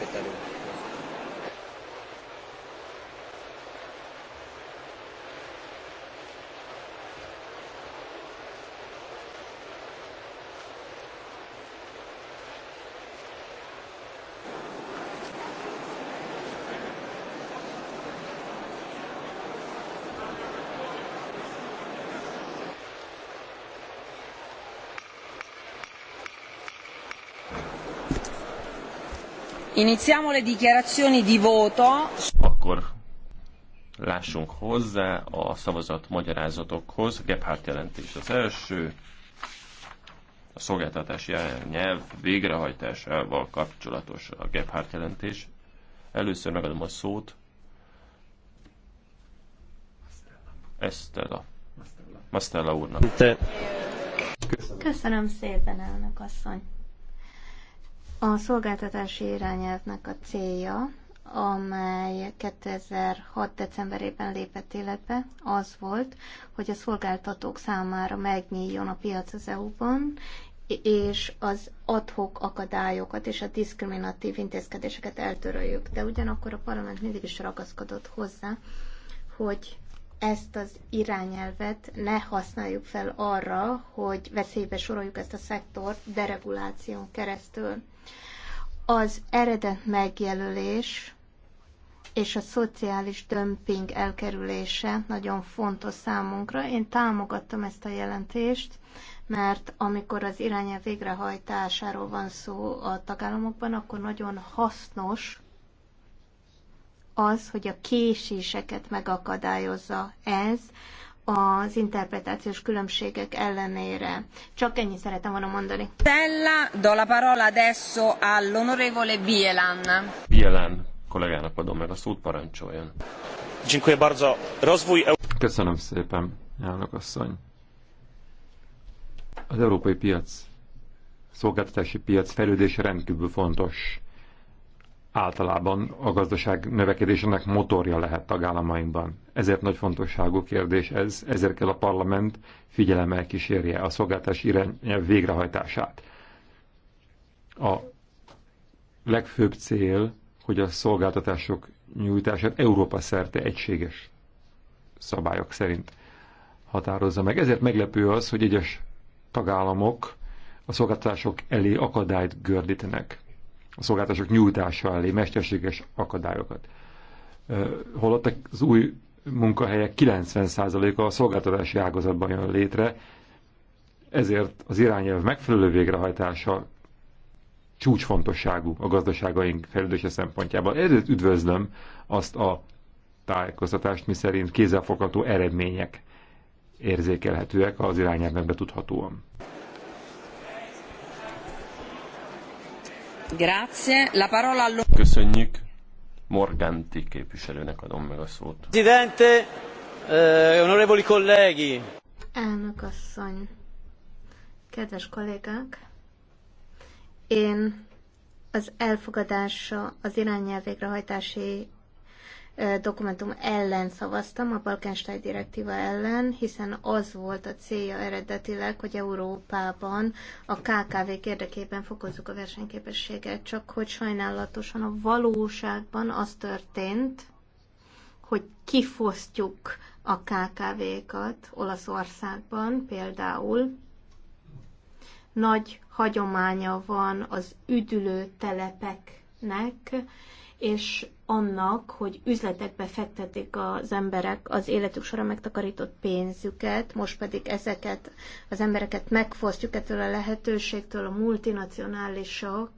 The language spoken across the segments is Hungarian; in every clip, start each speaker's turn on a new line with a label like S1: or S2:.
S1: Köszönöm. Iniziamo le dichiarazioni di voto. Akkor lássunk hozzá a szavazat magyarázatokhoz. Gebhardt jelentés az első. A szolgáltatási nyelv végrehajtásával kapcsolatos a Gebhardt jelentés. Először megadom a szót. Estella. Mastella úrnak. Köszönöm.
S2: Köszönöm szépen, elnök asszony. A szolgáltatási irányelvnek a célja, amely 2006. decemberében lépett életbe, az volt, hogy a szolgáltatók számára megnyíljon a piac az EU-ban, és az adhok akadályokat és a diszkriminatív intézkedéseket eltöröljük. De ugyanakkor a parlament mindig is ragaszkodott hozzá, hogy ezt az irányelvet ne használjuk fel arra, hogy veszélybe soroljuk ezt a szektort dereguláción keresztül. Az eredet megjelölés és a szociális dömping elkerülése nagyon fontos számunkra. Én támogattam ezt a jelentést, mert amikor az irányelv végrehajtásáról van szó a tagállamokban, akkor nagyon hasznos az, hogy a késéseket megakadályozza ez, az interpretációs különbségek ellenére. Csak ennyi szeretem volna mondani. Stella,
S1: do la parola adesso all'onorevole Bielan. Bielan, kollégának adom meg a szót, parancsoljon. Dziękuję bardzo.
S3: Rozwój... Köszönöm szépen, elnök asszony. Az európai piac, szolgáltatási piac fejlődése rendkívül fontos általában a gazdaság növekedésének motorja lehet tagállamainkban. Ezért nagy fontosságú kérdés ez, ezért kell a parlament figyelemmel kísérje a szolgáltás irányelv végrehajtását. A legfőbb cél, hogy a szolgáltatások nyújtását Európa szerte egységes szabályok szerint határozza meg. Ezért meglepő az, hogy egyes tagállamok a szolgáltatások elé akadályt gördítenek a szolgáltatások nyújtása elé mesterséges akadályokat. Holott az új munkahelyek 90%-a a szolgáltatási ágazatban jön létre, ezért az irányelv megfelelő végrehajtása csúcsfontosságú a gazdaságaink fejlődése szempontjából. Ezért üdvözlöm azt a tájékoztatást, miszerint kézzelfogható eredmények érzékelhetőek az irányelvben betudhatóan.
S2: Grazie. La parola allo...
S1: Köszönjük. Morganti képviselőnek adom meg a szót.
S2: Presidente,
S1: eh, onorevoli colleghi.
S2: Elnök asszony, kedves kollégák, én az elfogadása az irányelv végrehajtási dokumentum ellen szavaztam, a Balkánstein direktíva ellen, hiszen az volt a célja eredetileg, hogy Európában a kkv érdekében fokozzuk a versenyképességet, csak hogy sajnálatosan a valóságban az történt, hogy kifosztjuk a KKV-kat Olaszországban például. Nagy hagyománya van az üdülő telepeknek, és annak, hogy üzletekbe fektetik az emberek az életük során megtakarított pénzüket, most pedig ezeket az embereket megfosztjuk ettől a lehetőségtől a multinacionálisok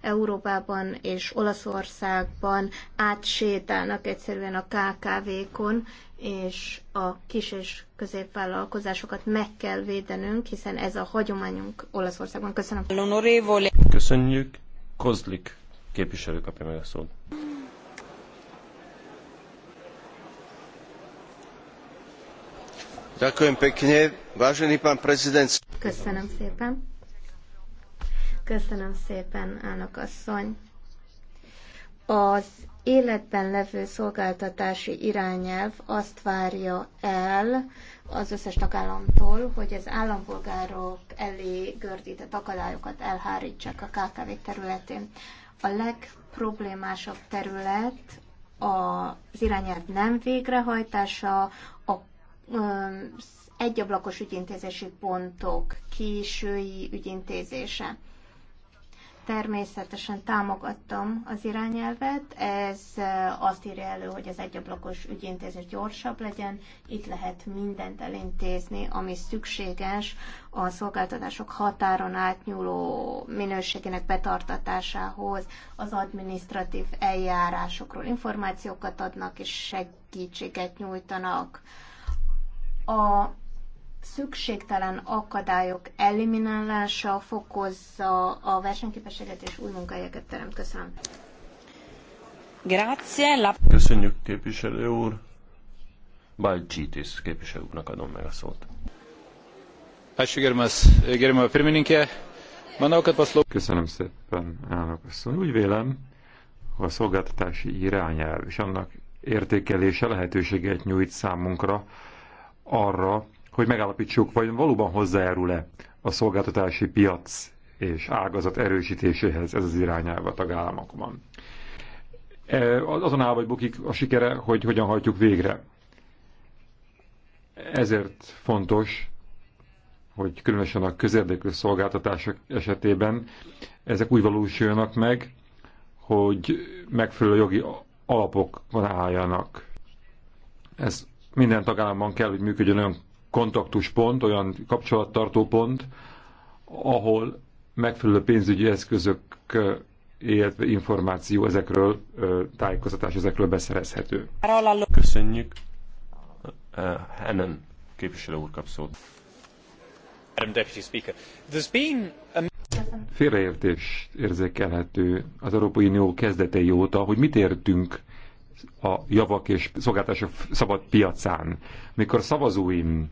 S2: Európában és Olaszországban átsétálnak egyszerűen a KKV-kon, és a kis és középvállalkozásokat meg kell védenünk, hiszen ez a hagyományunk Olaszországban. Köszönöm.
S1: Köszönjük. Kozlik Képviselő kapja meg a szót.
S2: Köszönöm szépen. Köszönöm szépen, elnök asszony. Az életben levő szolgáltatási irányelv azt várja el az összes tagállamtól, hogy az állampolgárok elé gördített akadályokat elhárítsák a KKV területén. A legproblémásabb terület az irányelv nem végrehajtása, a egyablakos ügyintézési pontok késői ügyintézése. Természetesen támogattam az irányelvet, ez azt írja elő, hogy az egyablakos ügyintézés gyorsabb legyen, itt lehet mindent elintézni, ami szükséges a szolgáltatások határon átnyúló minőségének betartatásához, az administratív eljárásokról információkat adnak és segítséget nyújtanak. A szükségtelen akadályok eliminálása fokozza a versenyképességet és új munkahelyeket teremt. Köszönöm.
S1: Grazie. La... Köszönjük képviselő úr. Balcsitis képviselő úrnak adom meg a szót.
S3: Köszönöm szépen, elnök asszony. Úgy vélem, a szolgáltatási irányelv és annak értékelése lehetőséget nyújt számunkra arra, hogy megállapítsuk, vagy valóban hozzájárul-e a szolgáltatási piac és ágazat erősítéséhez ez az irányelv a tagállamokban. E, azon áll vagy bukik a sikere, hogy hogyan hajtjuk végre. Ezért fontos, hogy különösen a közérdekű szolgáltatások esetében ezek úgy valósuljanak meg, hogy megfelelő jogi alapok álljanak. Ez minden tagállamban kell, hogy működjön olyan kontaktuspont, olyan kapcsolattartó pont, ahol megfelelő pénzügyi eszközök, illetve információ ezekről, tájékoztatás ezekről beszerezhető. Köszönjük. Hennen képviselő úr kap szót. Félreértés érzékelhető az Európai Unió kezdetei óta, hogy mit értünk a javak és szolgáltások szabad piacán. Mikor szavazóim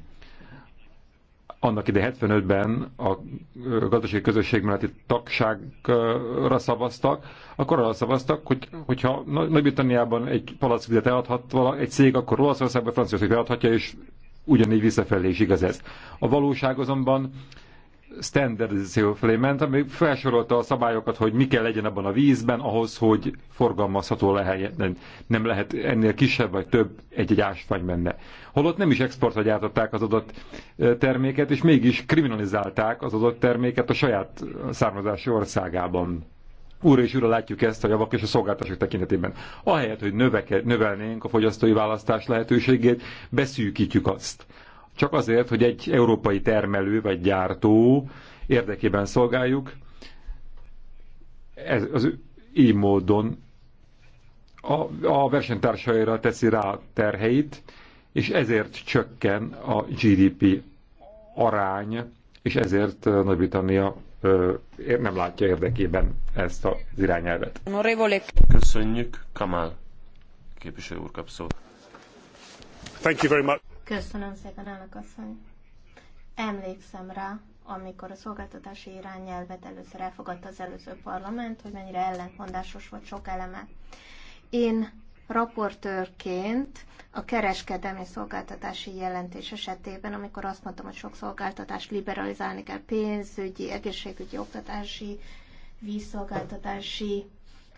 S3: annak ide 75-ben a gazdasági közösség melletti tagságra szavaztak, akkor arra szavaztak, hogy, hogyha Nagy-Britanniában egy palackvizet eladhat vala, egy cég, akkor Olaszországban Franciaország eladhatja, és ugyanígy visszafelé is igaz ez. A valóság azonban standardizáció felé ment, ami felsorolta a szabályokat, hogy mi kell legyen abban a vízben ahhoz, hogy forgalmazható lehet, Nem lehet ennél kisebb vagy több egy-egy ásvány benne. Holott nem is exportra gyártották az adott terméket, és mégis kriminalizálták az adott terméket a saját származási országában. Úr és újra látjuk ezt a javak és a szolgáltatások tekintetében. Ahelyett, hogy növelnénk a fogyasztói választás lehetőségét, beszűkítjük azt csak azért, hogy egy európai termelő vagy gyártó érdekében szolgáljuk, ez, az így módon a, a versenytársaira teszi rá terheit, és ezért csökken a GDP arány, és ezért Nagy-Britannia nem látja érdekében ezt az irányelvet. Köszönjük, Kamal képviselő úr kap szót. Thank you very much.
S2: Köszönöm szépen, elnök asszony. Emlékszem rá, amikor a szolgáltatási irányelvet először elfogadta az előző parlament, hogy mennyire ellentmondásos volt sok eleme. Én raportőrként a kereskedelmi szolgáltatási jelentés esetében, amikor azt mondtam, hogy sok szolgáltatást liberalizálni kell, pénzügyi, egészségügyi, oktatási, vízszolgáltatási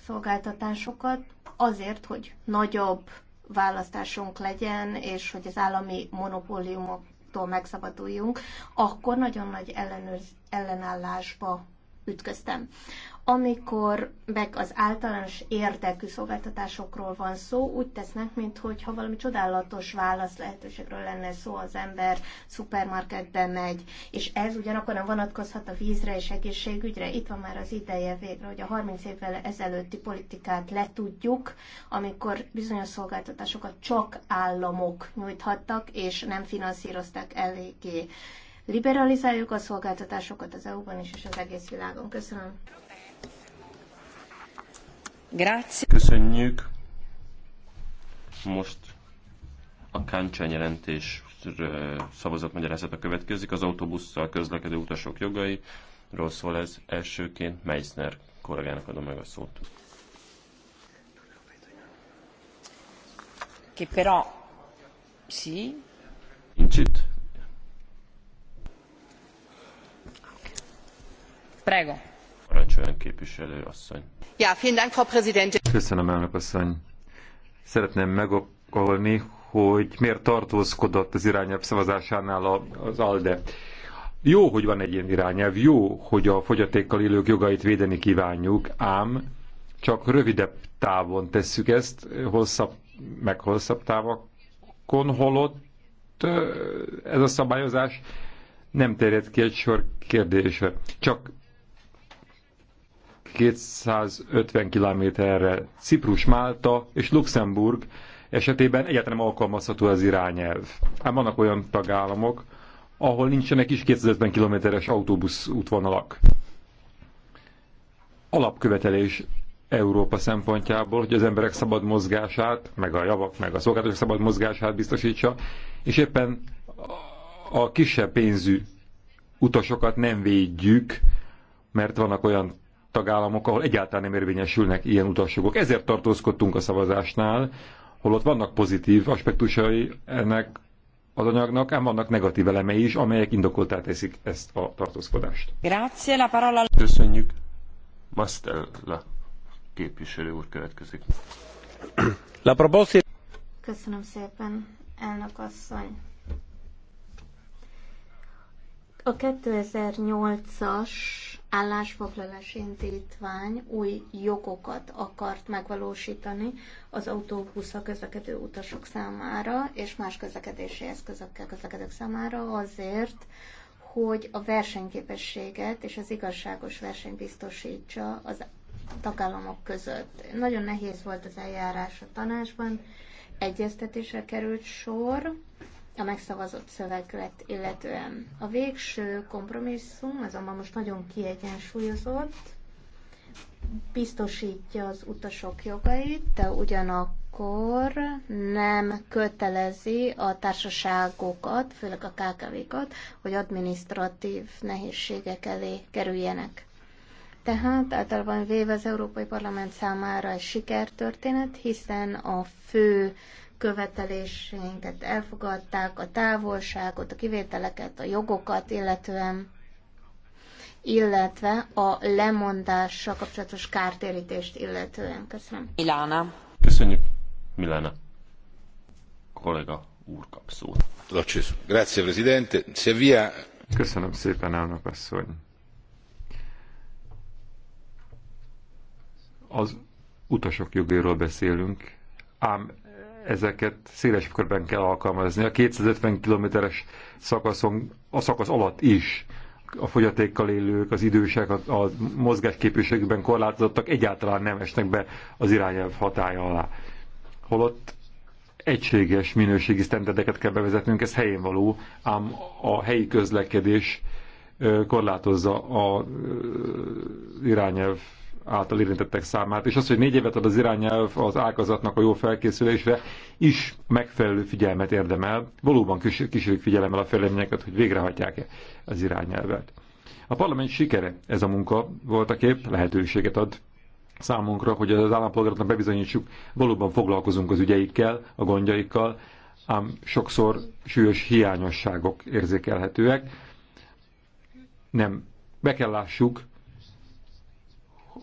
S2: szolgáltatásokat, azért, hogy nagyobb választásunk legyen, és hogy az állami monopóliumoktól megszabaduljunk, akkor nagyon nagy ellenőr, ellenállásba ütköztem. Amikor meg az általános érdekű szolgáltatásokról van szó, úgy tesznek, mintha valami csodálatos válasz lehetőségről lenne szó, az ember szupermarketbe megy, és ez ugyanakkor nem vonatkozhat a vízre és egészségügyre. Itt van már az ideje végre, hogy a 30 évvel ezelőtti politikát letudjuk, amikor bizonyos szolgáltatásokat csak államok nyújthattak, és nem finanszírozták eléggé liberalizáljuk a szolgáltatásokat az EU-ban is és az egész világon. Köszönöm.
S1: Köszönjük. Most a Káncsán jelentés szavazatmagyarázata következik. Az autóbusszal közlekedő utasok jogai. Rossz szól ez. Elsőként Meissner kollégának adom meg a szót. Che però, sì. Nincs itt? Prego.
S3: Parancsoljon képviselő asszony.
S1: Ja, vielen
S2: Dank, Frau Präsidentin.
S3: Köszönöm, elnök asszony. Szeretném megokolni, hogy miért tartózkodott az irányelv szavazásánál az ALDE. Jó, hogy van egy ilyen irányelv, jó, hogy a fogyatékkal élők jogait védeni kívánjuk, ám csak rövidebb távon tesszük ezt, hosszabb, meg hosszabb távakon, holott ez a szabályozás nem terjed ki egy sor kérdésre. Csak 250 kilométerre Ciprus, Málta és Luxemburg esetében egyáltalán alkalmazható az irányelv. Ám vannak olyan tagállamok, ahol nincsenek is 250 kilométeres autóbusz útvonalak. Alapkövetelés Európa szempontjából, hogy az emberek szabad mozgását, meg a javak, meg a szolgáltatók szabad mozgását biztosítsa, és éppen a kisebb pénzű utasokat nem védjük, mert vannak olyan tagállamok, ahol egyáltalán nem érvényesülnek ilyen utasjogok. Ezért tartózkodtunk a szavazásnál, holott vannak pozitív aspektusai ennek az anyagnak, ám vannak negatív elemei is, amelyek indokoltá teszik ezt a tartózkodást.
S1: Grazie, la parola...
S3: Köszönjük. Mastella
S1: képviselő úr következik. La proposta...
S2: Köszönöm szépen, elnök asszony. A 2008-as állásfoglalási indítvány új jogokat akart megvalósítani az autóbuszra közlekedő utasok számára és más közlekedési eszközökkel közlekedők számára azért, hogy a versenyképességet és az igazságos versenyt biztosítsa az tagállamok között. Nagyon nehéz volt az eljárás a tanásban, egyeztetésre került sor, a megszavazott szöveget illetően. A végső kompromisszum ez a most nagyon kiegyensúlyozott, biztosítja az utasok jogait, de ugyanakkor nem kötelezi a társaságokat, főleg a KKV-kat, hogy adminisztratív nehézségek elé kerüljenek. Tehát általában véve az Európai Parlament számára egy sikertörténet, hiszen a fő követeléseinket elfogadták, a távolságot, a kivételeket, a jogokat, illetően illetve a lemondással kapcsolatos kártérítést illetően. Köszönöm. Milána.
S3: Köszönjük, Milána. Kollega úr kap szót. Grazie, Presidente. via Köszönöm szépen, elnök asszony. Az utasok jogéről beszélünk, ám ezeket széles körben kell alkalmazni. A 250 kilométeres szakaszon, a szakasz alatt is a fogyatékkal élők, az idősek, a, a mozgásképviségükben korlátozottak egyáltalán nem esnek be az irányelv hatája alá. Holott egységes minőségi sztenderdeket kell bevezetnünk, ez helyén való, ám a helyi közlekedés korlátozza a irányelv által érintettek számát, és az, hogy négy évet ad az irányelv az ágazatnak a jó felkészülésre, is megfelelő figyelmet érdemel, valóban kísérjük figyelemmel a fejleményeket, hogy végrehajtják-e az irányelvet. A parlament sikere ez a munka a kép lehetőséget ad számunkra, hogy az állampolgároknak bebizonyítsuk, valóban foglalkozunk az ügyeikkel, a gondjaikkal, ám sokszor súlyos hiányosságok érzékelhetőek. Nem, be kell lássuk,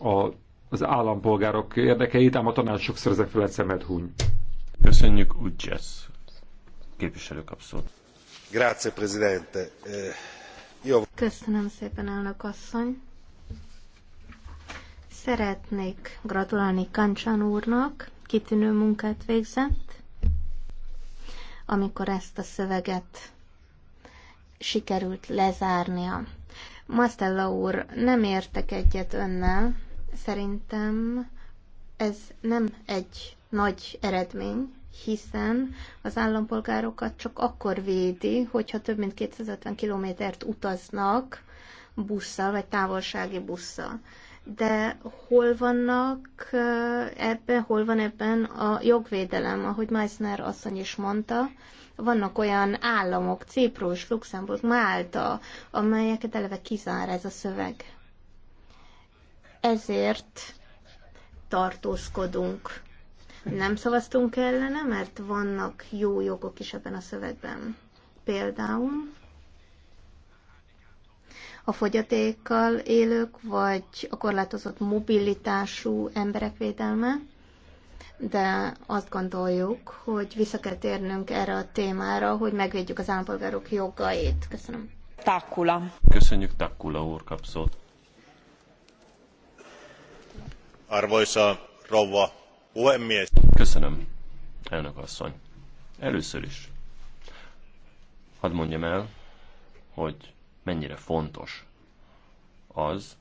S3: a, az állampolgárok érdekeit, ám a tanács sokszor ezek felett szemet húny. Köszönjük, Udjesz. Képviselő kapszót. Grazie, Presidente. Jó. Eh, Köszönöm
S2: szépen, elnök asszony. Szeretnék gratulálni Kancsán úrnak, kitűnő munkát végzett, amikor ezt a szöveget sikerült lezárnia. Mastella úr, nem értek egyet önnel. Szerintem ez nem egy nagy eredmény, hiszen az állampolgárokat csak akkor védi, hogyha több mint 250 kilométert utaznak busszal vagy távolsági busszal de hol vannak eh, ebben, hol van ebben a jogvédelem, ahogy Meissner asszony is mondta, vannak olyan államok, Ciprus, Luxemburg, Málta, amelyeket eleve kizár ez a szöveg. Ezért tartózkodunk. Nem szavaztunk ellene, mert vannak jó jogok is ebben a szövegben. Például a fogyatékkal élők, vagy a korlátozott mobilitású emberek védelme, de azt gondoljuk, hogy vissza kell térnünk erre a témára, hogy megvédjük az állampolgárok jogait. Köszönöm.
S1: Takula. Köszönjük, Takula úr kapszót. Arvoisa rouva puhemies. Köszönöm, elnök asszony. Először is. Hadd mondjam el, hogy mennyire fontos az,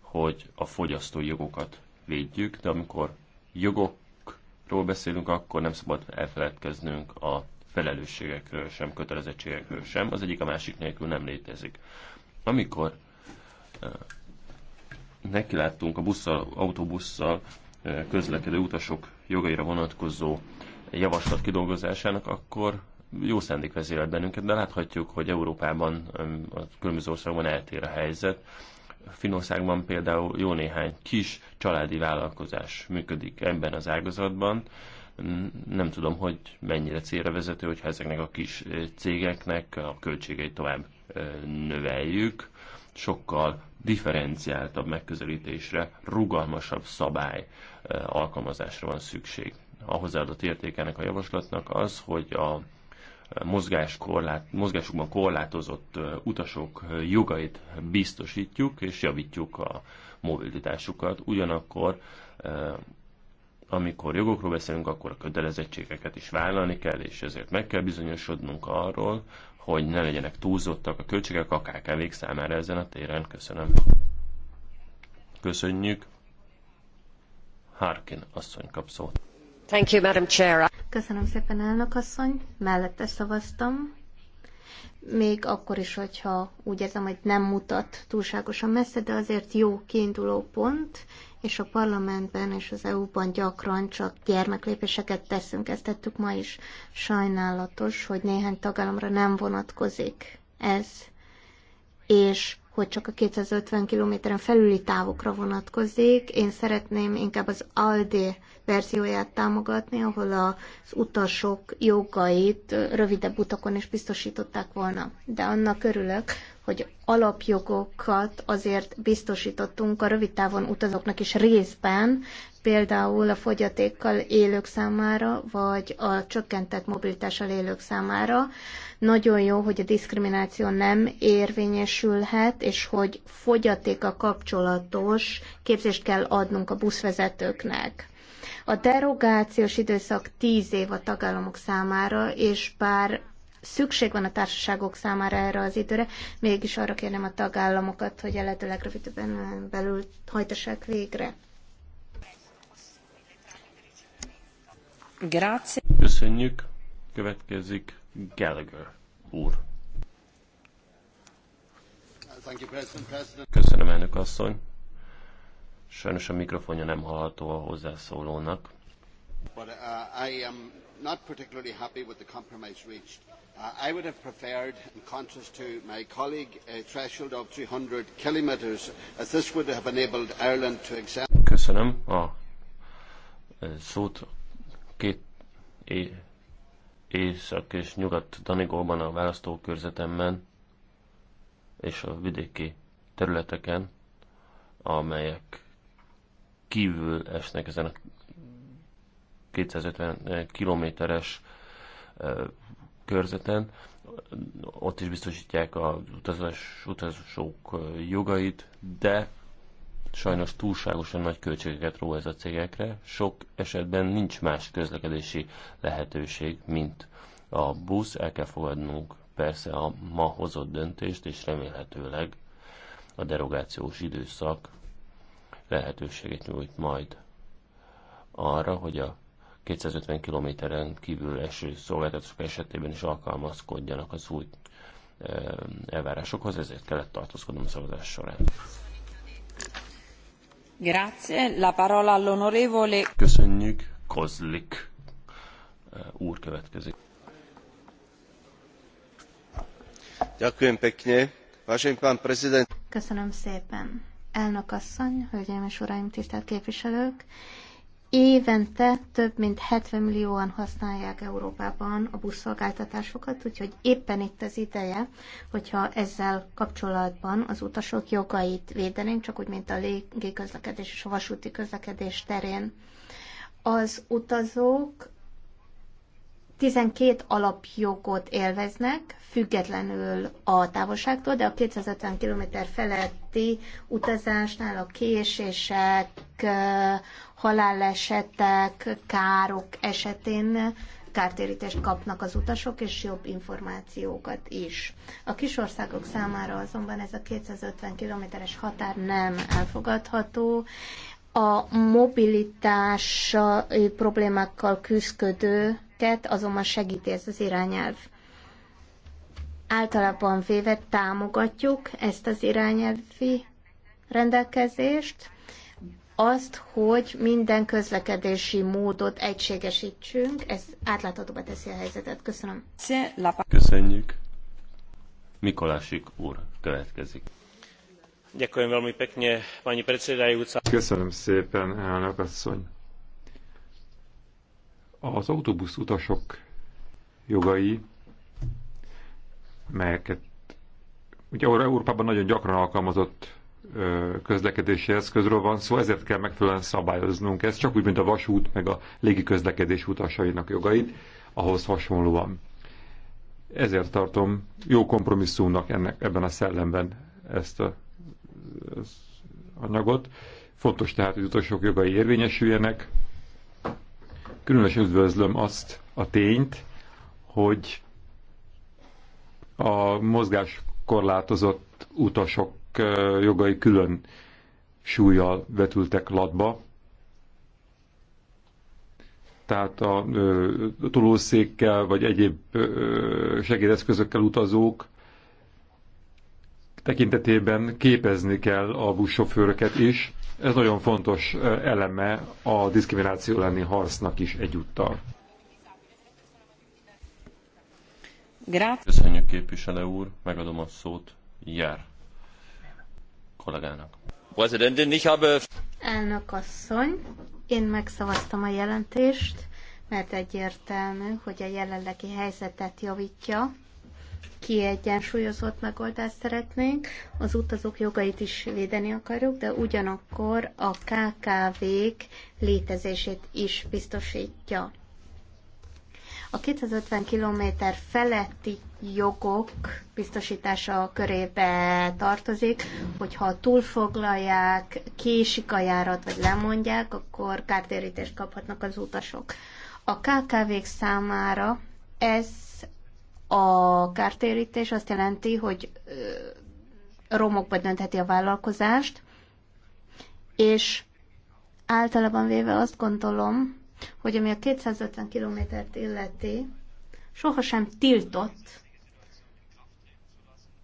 S1: hogy a fogyasztói jogokat védjük, de amikor jogokról beszélünk, akkor nem szabad elfeledkeznünk a felelősségekről sem, kötelezettségekről sem, az egyik a másik nélkül nem létezik. Amikor nekiláttunk a busszal, autóbusszal közlekedő utasok jogaira vonatkozó javaslat kidolgozásának, akkor jó szándék vezérelt bennünket, de láthatjuk, hogy Európában, a különböző országban eltér a helyzet. Finországban például jó néhány kis családi vállalkozás működik ebben az ágazatban. Nem tudom, hogy mennyire célra vezető, hogyha ezeknek a kis eh, cégeknek a költségeit tovább eh, növeljük. Sokkal differenciáltabb megközelítésre, rugalmasabb szabály eh, alkalmazásra van szükség. A hozzáadott értékenek a javaslatnak az, hogy a mozgáskorlát, mozgásukban korlátozott utasok jogait biztosítjuk és javítjuk a mobilitásukat. Ugyanakkor amikor jogokról beszélünk, akkor a kötelezettségeket is vállalni kell, és ezért meg kell bizonyosodnunk arról, hogy ne legyenek túlzottak a költségek a kkv számára ezen a téren. Köszönöm. Köszönjük. Harkin asszony kap szót.
S2: Thank you, Madam Chair. Köszönöm szépen, elnök asszony. Mellette szavaztam. Még akkor is, hogyha úgy érzem, hogy nem mutat túlságosan messze, de azért jó kiinduló pont, és a parlamentben és az EU-ban gyakran csak gyermeklépéseket teszünk, ezt tettük ma is. Sajnálatos, hogy néhány tagállamra nem vonatkozik ez, és hogy csak a 250 kilométeren felüli távokra vonatkozik. Én szeretném inkább az ALDE verzióját támogatni, ahol az utasok jogait rövidebb utakon is biztosították volna. De annak örülök, hogy alapjogokat azért biztosítottunk a rövid távon utazóknak is részben, például a fogyatékkal élők számára, vagy a csökkentett mobilitással élők számára. Nagyon jó, hogy a diszkrimináció nem érvényesülhet, és hogy fogyatéka kapcsolatos képzést kell adnunk a buszvezetőknek. A derogációs időszak 10 év a tagállamok számára, és bár szükség van a társaságok számára erre az időre, mégis arra kérném a tagállamokat, hogy a lehető legrövidebben belül hajtassák végre.
S1: Grazie. Köszönjük. Következik Gallagher úr. Köszönöm, elnök asszony. Sajnos a mikrofonja nem hallható a hozzászólónak.
S2: But uh, I am not particularly happy with the compromise reached. Uh, I would have preferred, in contrast to my colleague, a threshold of 300 kilometres, as uh, this would have enabled Ireland to exempt.
S1: Köszönöm a e, szót. Két észak és nyugat Danigóban a választókörzetemben és a vidéki területeken, amelyek kívül esnek ezen a 250 eh, kilométeres eh, körzeten. Ott is biztosítják az utazás, utazók eh, jogait, de sajnos túlságosan nagy költségeket ró ez a cégekre. Sok esetben nincs más közlekedési lehetőség, mint a busz. El kell fogadnunk persze a ma hozott döntést, és remélhetőleg a derogációs időszak lehetőséget nyújt majd arra, hogy a 250 kilométeren kívül eső szolgáltatások esetében is alkalmazkodjanak az új elvárásokhoz, ezért kellett tartózkodnom a szavazás során. Grazie, la parola all'onorevole. Köszönjük, Kozlik úr következik. Köszönöm pekne. Vážený pán prezident.
S2: Köszönöm szépen. Elnök asszony, hölgyeim és uraim, tisztelt képviselők! évente több mint 70 millióan használják Európában a buszszolgáltatásokat, úgyhogy éppen itt az ideje, hogyha ezzel kapcsolatban az utasok jogait védenénk, csak úgy, mint a légiközlekedés és a vasúti közlekedés terén. Az utazók 12 alapjogot élveznek, függetlenül a távolságtól, de a 250 km feletti utazásnál a késések, halálesetek, károk esetén kártérítést kapnak az utasok, és jobb információkat is. A kisországok számára azonban ez a 250 km-es határ nem elfogadható. A mobilitás problémákkal küzdködő őket azonban segíti ez az irányelv. Általában véve támogatjuk ezt az irányelvi rendelkezést, azt, hogy minden közlekedési módot egységesítsünk, ez átláthatóbbá teszi a helyzetet. Köszönöm.
S3: Köszönjük. Mikolásik úr következik. Köszönöm szépen, elnök asszony. Az autóbusz utasok jogai, melyeket ugye Európában nagyon gyakran alkalmazott közlekedési eszközről van szó, ezért kell megfelelően szabályoznunk ezt, csak úgy, mint a vasút meg a közlekedés utasainak jogait, ahhoz hasonlóan. Ezért tartom jó kompromisszumnak ennek, ebben a szellemben ezt a ezt anyagot. Fontos tehát, hogy utasok jogai érvényesüljenek, Különösen üdvözlöm azt a tényt, hogy a mozgáskorlátozott utasok jogai külön súlyjal vetültek latba. Tehát a tolószékkel vagy egyéb segédeszközökkel utazók tekintetében képezni kell a buszsofőröket is, ez nagyon fontos eleme a diszkrimináció elleni harcnak is egyúttal. Köszönjük képviselő
S1: úr, megadom a szót. Jár kollégának.
S2: Elnök asszony, én megszavaztam a jelentést, mert egyértelmű, hogy a jelenlegi helyzetet javítja, kiegyensúlyozott megoldást szeretnénk, az utazók jogait is védeni akarjuk, de ugyanakkor a KKV-k létezését is biztosítja. A 250 km feletti jogok biztosítása körébe tartozik, hogyha túlfoglalják, késik a járat, vagy lemondják, akkor kártérítést kaphatnak az utasok. A KKV-k számára ez a kártérítés azt jelenti, hogy romokba döntheti a vállalkozást, és általában véve azt gondolom, hogy ami a 250 kilométert illeti, sohasem tiltott,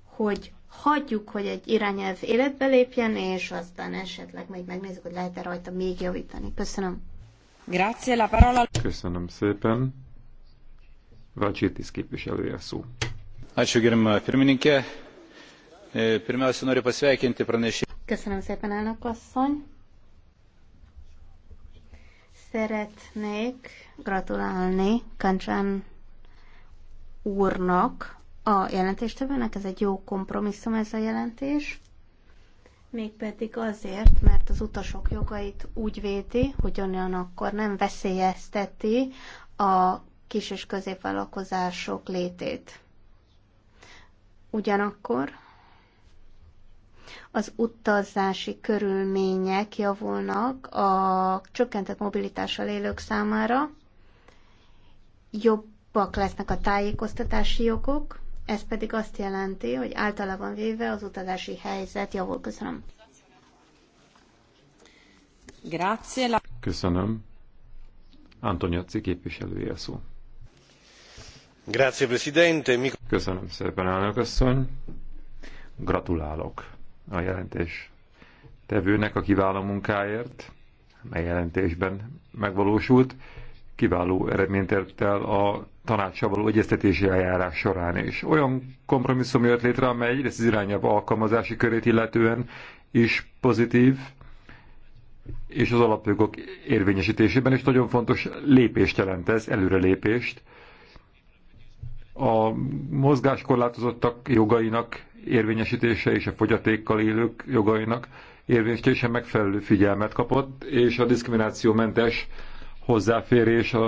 S2: hogy hagyjuk, hogy egy irányelv életbe lépjen, és aztán esetleg még megnézzük, hogy lehet-e rajta még javítani. Köszönöm.
S1: Grazie la parola.
S3: Köszönöm szépen. Valcsitis képviselője szó. E,
S2: Köszönöm szépen, elnök asszony. Szeretnék gratulálni Kancsán úrnak, a jelentéstevőnek. Ez egy jó kompromisszum ez a jelentés. Mégpedig azért, mert az utasok jogait úgy védi, hogy ugyanakkor nem veszélyezteti a kis- és középvállalkozások létét. Ugyanakkor az utazási körülmények javulnak a csökkentett mobilitással élők számára, jobbak lesznek a tájékoztatási jogok, ez pedig azt jelenti, hogy általában véve az utazási helyzet javul. Köszönöm.
S3: Köszönöm. Antonia Ciképviselője szó. Köszönöm szépen, elnök asszony. Gratulálok a jelentés tevőnek a kiváló munkáért, mely jelentésben megvalósult. Kiváló eredményt ért el a tanácssal való egyeztetési eljárás során is. Olyan kompromisszum jött létre, amely egyrészt az irányába alkalmazási körét illetően is pozitív, és az alapjogok érvényesítésében is nagyon fontos lépést jelent ez, előrelépést a mozgáskorlátozottak jogainak érvényesítése és a fogyatékkal élők jogainak érvényesítése megfelelő figyelmet kapott, és a diszkriminációmentes hozzáférés a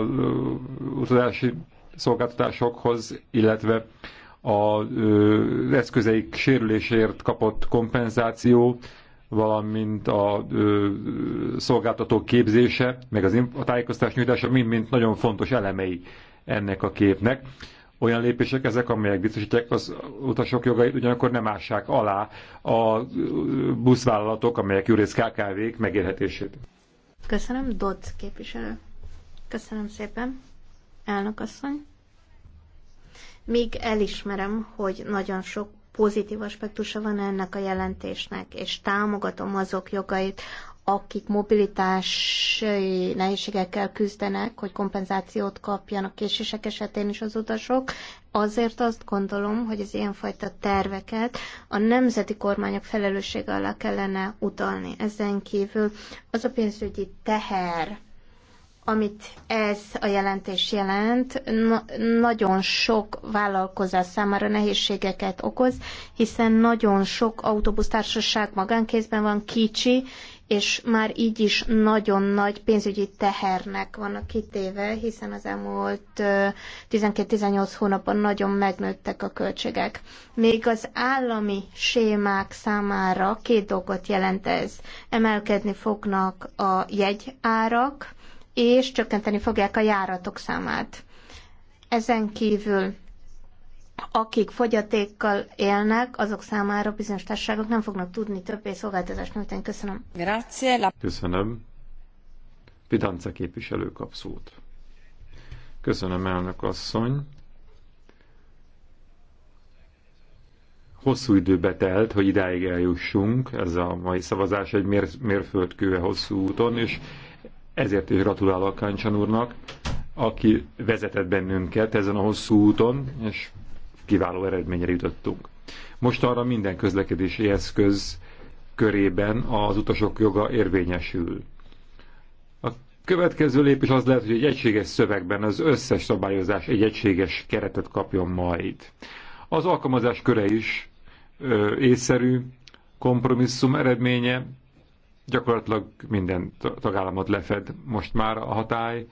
S3: utazási szolgáltatásokhoz, illetve az eszközeik sérüléséért kapott kompenzáció, valamint a ö, szolgáltató képzése, meg az, a tájékoztatás nyújtása mind-mind nagyon fontos elemei ennek a képnek olyan lépések ezek, amelyek biztosítják az utasok jogait, ugyanakkor nem ássák alá a buszvállalatok, amelyek jurész KKV-k megérhetését.
S2: Köszönöm, Dodd képviselő. Köszönöm szépen, elnök asszony. Míg elismerem, hogy nagyon sok pozitív aspektusa van ennek a jelentésnek, és támogatom azok jogait, akik mobilitási nehézségekkel küzdenek, hogy kompenzációt kapjanak késések esetén is az utasok. Azért azt gondolom, hogy az ilyenfajta terveket a nemzeti kormányok felelőssége alá kellene utalni. Ezen kívül az a pénzügyi teher, amit ez a jelentés jelent, na- nagyon sok vállalkozás számára nehézségeket okoz, hiszen nagyon sok autóbusztársaság magánkézben van, kicsi, és már így is nagyon nagy pénzügyi tehernek vannak kitéve, hiszen az elmúlt 12-18 hónapban nagyon megnőttek a költségek. Még az állami sémák számára két dolgot jelent ez. Emelkedni fognak a jegyárak, és csökkenteni fogják a járatok számát. Ezen kívül akik fogyatékkal élnek, azok számára bizonyos társaságok nem fognak tudni többé szolgáltatást nyújtani. Köszönöm.
S1: Grazie.
S3: Köszönöm. Vidance képviselő kap szót. Köszönöm, elnök asszony. Hosszú időbe telt, hogy idáig eljussunk, ez a mai szavazás egy mér, mérföldkőve hosszú úton, és ezért is gratulálok Káncsan úrnak, aki vezetett bennünket ezen a hosszú úton, és kiváló eredményre jutottunk. Most arra minden közlekedési eszköz körében az utasok joga érvényesül. A következő lépés az lehet, hogy egy egységes szövegben az összes szabályozás egy egységes keretet kapjon majd. Az alkalmazás köre is ö, észszerű, kompromisszum eredménye, gyakorlatilag minden tagállamot lefed most már a hatály,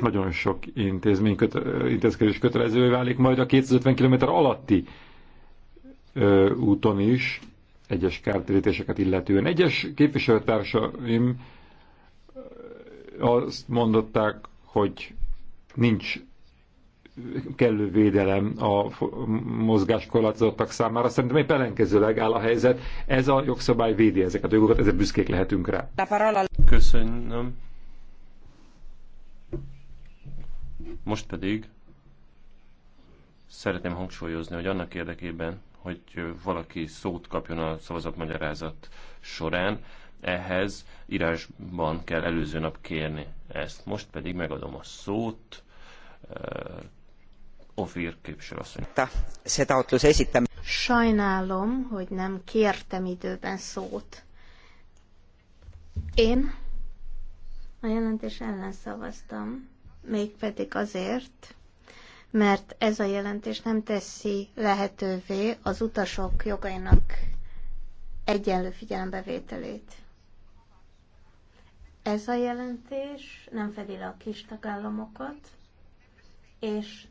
S3: nagyon sok intézmény köte, intézkedés kötelezővé válik majd a 250 km alatti ö, úton is, egyes kártérítéseket illetően. Egyes képviselőtársaim azt mondották, hogy nincs kellő védelem a mozgáskorlátozottak számára. Szerintem egy pelenkezőleg áll a helyzet. Ez a jogszabály védi ezeket a jogokat, ezért büszkék lehetünk rá.
S1: Köszönöm.
S3: Most pedig
S1: szeretném hangsúlyozni, hogy annak érdekében, hogy valaki szót kapjon a szavazatmagyarázat során, ehhez írásban kell előző nap kérni ezt. Most pedig megadom a szót uh, Ofir képviselőasszony.
S2: Sajnálom, hogy nem kértem időben szót. Én a jelentés ellen szavaztam, mégpedig azért, mert ez a jelentés nem teszi lehetővé az utasok jogainak egyenlő figyelembevételét. Ez a jelentés nem fedi le a kis tagállamokat, és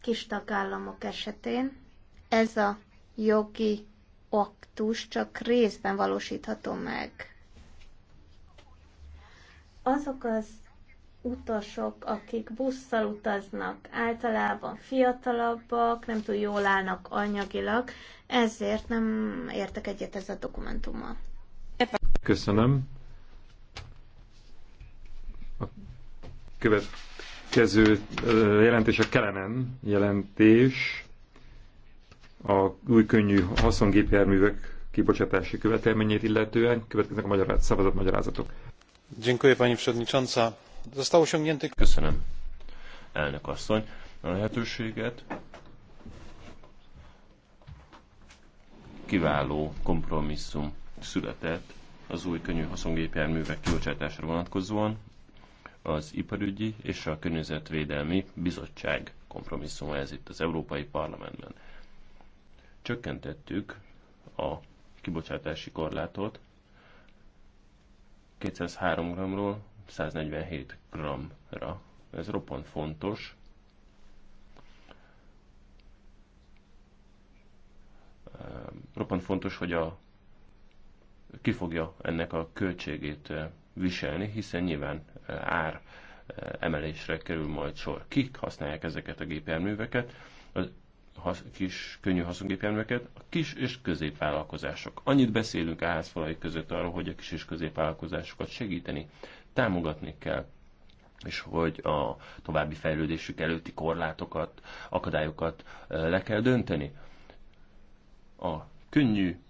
S2: kis tagállamok esetén ez a jogi aktus csak részben valósítható meg. Azok az utasok, akik busszal utaznak, általában fiatalabbak, nem túl jól állnak anyagilag, ezért nem értek egyet ez a dokumentummal.
S3: Köszönöm. A következő jelentés a Kelenen jelentés. A új könnyű haszongépjárművek kibocsátási követelményét illetően következnek a magyarázat, szavazat magyarázatok. Dziękuję pani przewodnicząca Został osiągnięty... Köszönöm, elnök asszony, a lehetőséget.
S1: Kiváló kompromisszum született az új könnyű haszongépjárművek kibocsátására vonatkozóan az Iparügyi és a Környezetvédelmi Bizottság kompromisszuma ez itt az Európai Parlamentben. Csökkentettük a kibocsátási korlátot 203 g-ról 147 g-ra. Ez roppant fontos. Ehm, roppant fontos, hogy a, ki fogja ennek a költségét eh, viselni, hiszen nyilván eh, ár eh, emelésre kerül majd sor. Kik használják ezeket a gépjárműveket? A kis, könnyű haszongépjárműveket? A kis és középvállalkozások. Annyit beszélünk a házfalai között arról, hogy a kis és középvállalkozásokat segíteni támogatni kell és hogy a további fejlődésük előtti korlátokat, akadályokat le kell dönteni. A könnyű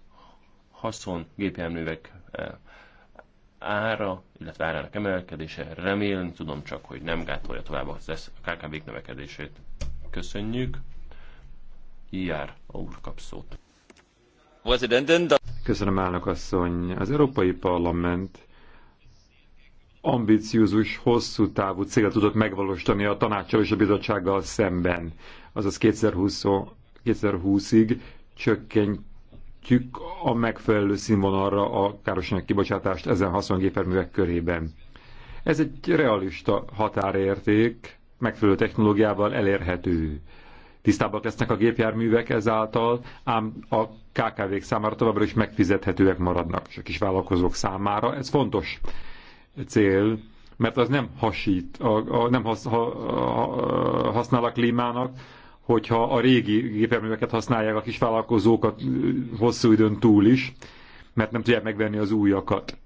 S1: haszon gépjárművek ára, illetve árának emelkedése, remélem, tudom csak, hogy nem gátolja tovább a kkb növekedését. Köszönjük.
S3: Jár a úr kap szót. Köszönöm, elnök asszony. Az Európai Parlament ambiciózus, hosszú távú célt tudott megvalósítani a tanácsal és a bizottsággal szemben. Azaz 2020, 2020-ig csökkentjük a megfelelő színvonalra a károsanyag kibocsátást ezen haszongéperművek körében. Ez egy realista határérték, megfelelő technológiával elérhető. Tisztábbak lesznek a gépjárművek ezáltal, ám a KKV-k számára továbbra is megfizethetőek maradnak, és a kisvállalkozók számára. Ez fontos cél, mert az nem hasít, a, a, nem has, ha, a, használ a klímának, hogyha a régi gépjárműveket használják a kis vállalkozókat hosszú időn túl is, mert nem tudják megvenni az újakat.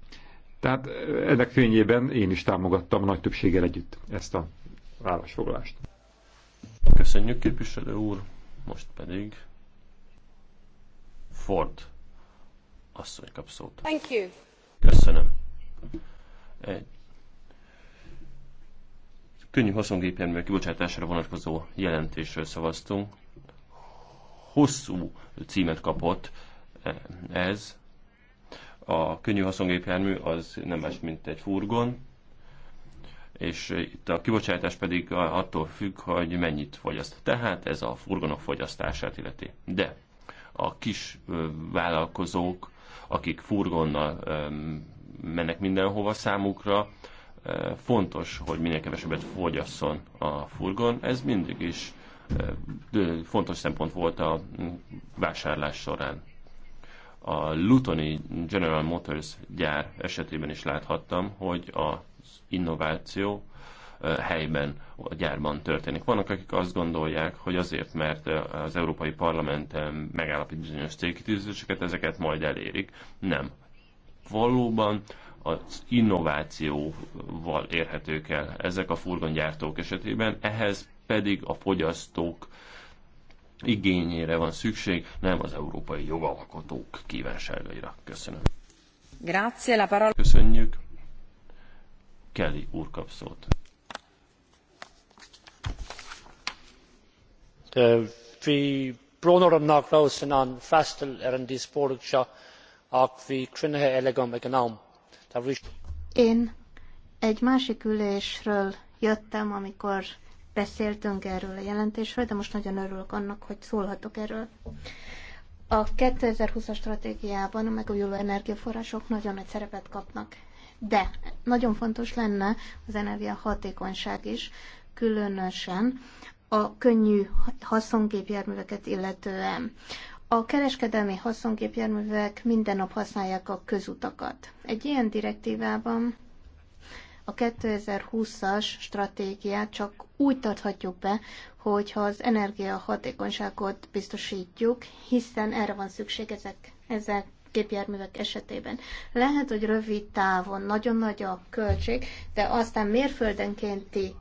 S3: Tehát ennek fényében én is támogattam a nagy többséggel együtt ezt a válaszfoglalást. Köszönjük képviselő
S1: úr, most pedig Ford asszony kap szót. Thank you. Köszönöm egy könnyű haszongépjárművek kibocsátására vonatkozó jelentésről szavaztunk. Hosszú címet kapott e, ez. A könnyű haszongépjármű az nem más, mint egy furgon, és itt a kibocsátás pedig attól függ, hogy mennyit fogyaszt. Tehát ez a furgonok fogyasztását illeti. De a kis vállalkozók, akik furgonnal mennek mindenhova számukra. Fontos, hogy minél kevesebbet fogyasszon a furgon. Ez mindig is fontos szempont volt a vásárlás során. A Lutoni General Motors gyár esetében is láthattam, hogy az innováció helyben, a gyárban történik. Vannak, akik azt gondolják, hogy azért, mert az Európai Parlament megállapít bizonyos célkitűzéseket, ezeket majd elérik. Nem valóban az innovációval érhetők el ezek a furgongyártók esetében, ehhez pedig a fogyasztók igényére van szükség, nem az európai jogalkotók kívánságaira. Köszönöm. Grazie, la parola. Köszönjük. Kelly úr kap szót. fi brónarom nach rossz an Er er Én
S2: egy másik ülésről jöttem, amikor beszéltünk erről a jelentésről, de most nagyon örülök annak, hogy szólhatok erről. A 2020-as stratégiában a megújuló energiaforrások nagyon nagy szerepet kapnak, de nagyon fontos lenne az energiahatékonyság is, különösen a könnyű haszongépjárműveket illetően. A kereskedelmi haszongépjárművek minden nap használják a közutakat. Egy ilyen direktívában a 2020-as stratégiát csak úgy tarthatjuk be, hogyha az energiahatékonyságot biztosítjuk, hiszen erre van szükség ezek, ezek képjárművek esetében. Lehet, hogy rövid távon nagyon nagy a költség, de aztán mérföldenkénti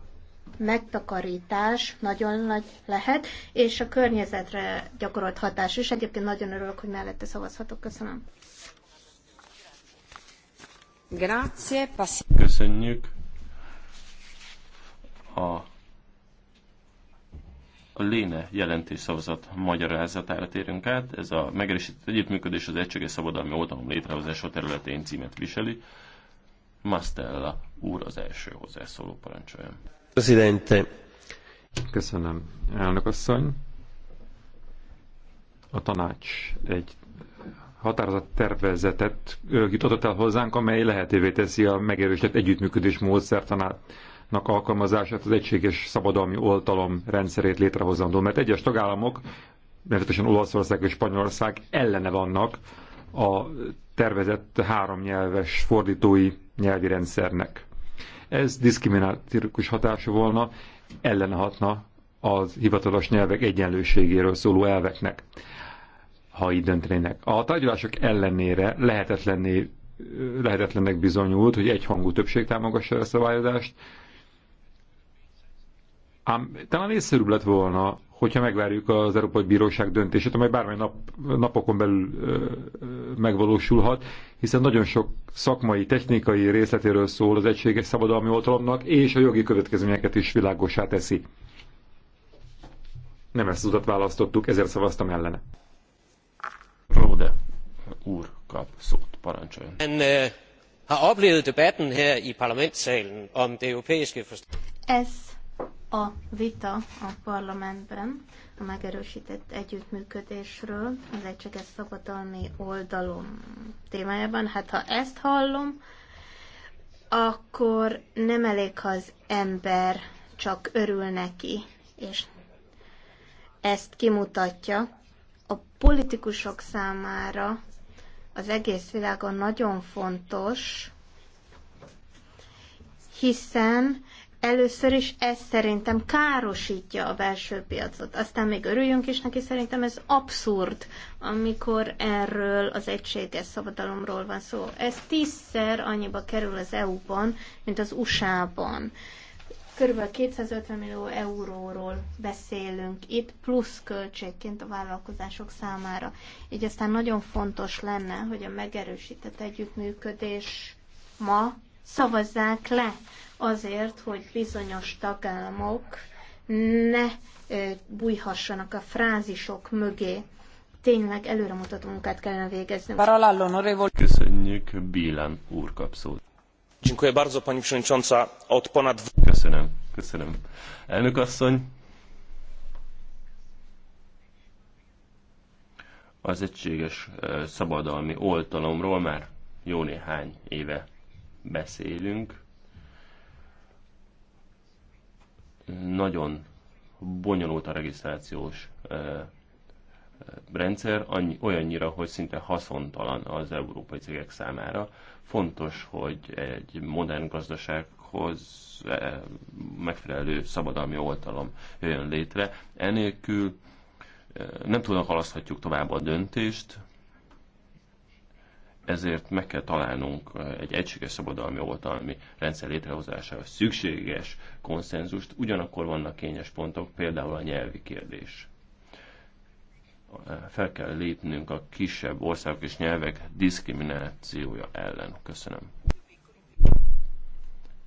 S2: megtakarítás nagyon nagy lehet, és a környezetre gyakorolt hatás is. Egyébként nagyon örülök, hogy mellette szavazhatok. Köszönöm.
S1: Grazie. Köszönjük. A a Léne jelentés szavazat magyarázatára térünk át. Ez a megerősített együttműködés az Egységes Szabadalmi Oldalom létrehozása területén címet viseli. Mastella úr az első
S3: hozzászóló parancsoljon. Presidente. Köszönöm, elnök asszony. A tanács egy határozat tervezetet jutott el hozzánk, amely lehetővé teszi a megerősített együttműködés módszertanát alkalmazását, az egységes szabadalmi oltalom rendszerét létrehozandó, mert egyes tagállamok, nevezetesen Olaszország és Spanyolország ellene vannak a tervezett háromnyelves fordítói nyelvi rendszernek. Ez diszkriminatikus hatása volna, ellenhatna az hivatalos nyelvek egyenlőségéről szóló elveknek, ha így döntenének. A tárgyalások ellenére lehetetlenné, lehetetlennek bizonyult, hogy egyhangú többség támogassa a szabályozást, ám talán észszerűbb lett volna hogyha megvárjuk az Európai Bíróság döntését, amely bármely nap, napokon belül ö, megvalósulhat, hiszen nagyon sok szakmai, technikai részletéről szól az egységes szabadalmi oltalomnak, és a jogi következményeket is világosá teszi. Nem ezt az utat választottuk, ezért szavaztam ellene. Rode úr kap szót, parancsoljon.
S1: Han øh, har oplevet debatten her i parlamentssalen om det europæiske...
S2: Ez a vita a parlamentben a megerősített együttműködésről az egységes szabadalmi oldalom témájában. Hát ha ezt hallom, akkor nem elég, ha az ember csak örül neki, és ezt kimutatja. A politikusok számára az egész világon nagyon fontos, hiszen Először is ez szerintem károsítja a belső piacot. Aztán még örüljünk is neki, szerintem ez abszurd, amikor erről az egységes szabadalomról van szó. Ez tízszer annyiba kerül az EU-ban, mint az USA-ban. Körülbelül 250 millió euróról beszélünk itt, plusz költségként a vállalkozások számára. Így aztán nagyon fontos lenne, hogy a megerősített együttműködés ma szavazzák le azért, hogy bizonyos tagállamok ne bújhassanak a frázisok mögé. Tényleg előremutató munkát kellene végezni.
S1: Köszönjük, Bílán úr kapszót. Dziękuję bardzo, pani przewodnicząca. Od ponad... Köszönöm, köszönöm. Elnök asszony, az egységes szabadalmi oltalomról már jó néhány éve beszélünk. nagyon bonyolult a regisztrációs rendszer, annyi, olyannyira, hogy szinte haszontalan az európai cégek számára. Fontos, hogy egy modern gazdasághoz megfelelő szabadalmi oltalom jöjjön létre. Enélkül nem tudnak halaszthatjuk tovább a döntést, ezért meg kell találnunk eh, egy egységes szabadalmi oltalmi rendszer létrehozására szükséges konszenzust, ugyanakkor vannak kényes pontok, például a nyelvi kérdés. Eh, fel kell lépnünk a kisebb országok és nyelvek diszkriminációja ellen. Köszönöm.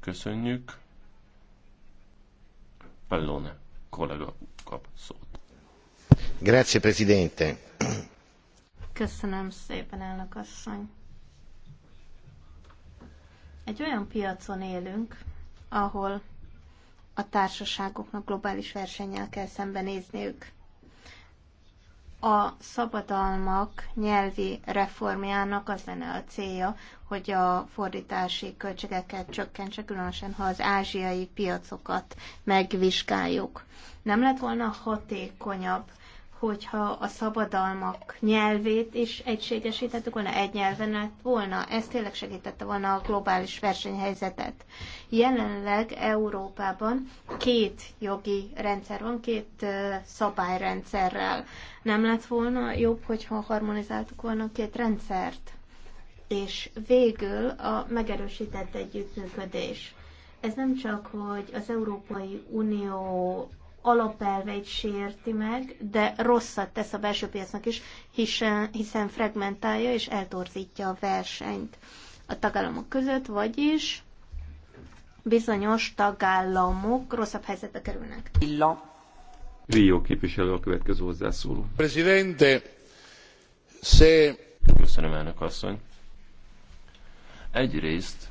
S1: Köszönjük. Pallone kollega kap szót.
S3: Grazie, Presidente
S2: Köszönöm szépen, elnök asszony. Egy olyan piacon élünk, ahol a társaságoknak globális versennyel kell szembenézniük. A szabadalmak nyelvi reformjának az lenne a célja, hogy a fordítási költségeket csökkentse, különösen ha az ázsiai piacokat megvizsgáljuk. Nem lett volna hatékonyabb, hogyha a szabadalmak nyelvét is egységesítettük volna, egy nyelven lett volna, ez tényleg segítette volna a globális versenyhelyzetet. Jelenleg Európában két jogi rendszer van, két szabályrendszerrel. Nem lett volna jobb, hogyha harmonizáltuk volna két rendszert? És végül a megerősített együttműködés. Ez nem csak, hogy az Európai Unió alapelveit sérti meg, de rosszat tesz a belső piacnak is, hiszen, hiszen fragmentálja és eltorzítja a versenyt a tagállamok között, vagyis bizonyos tagállamok rosszabb helyzetbe kerülnek. Illa.
S3: Rio képviselő a következő
S1: hozzászóló. Presidente, se... Köszönöm, elnök asszony. Egyrészt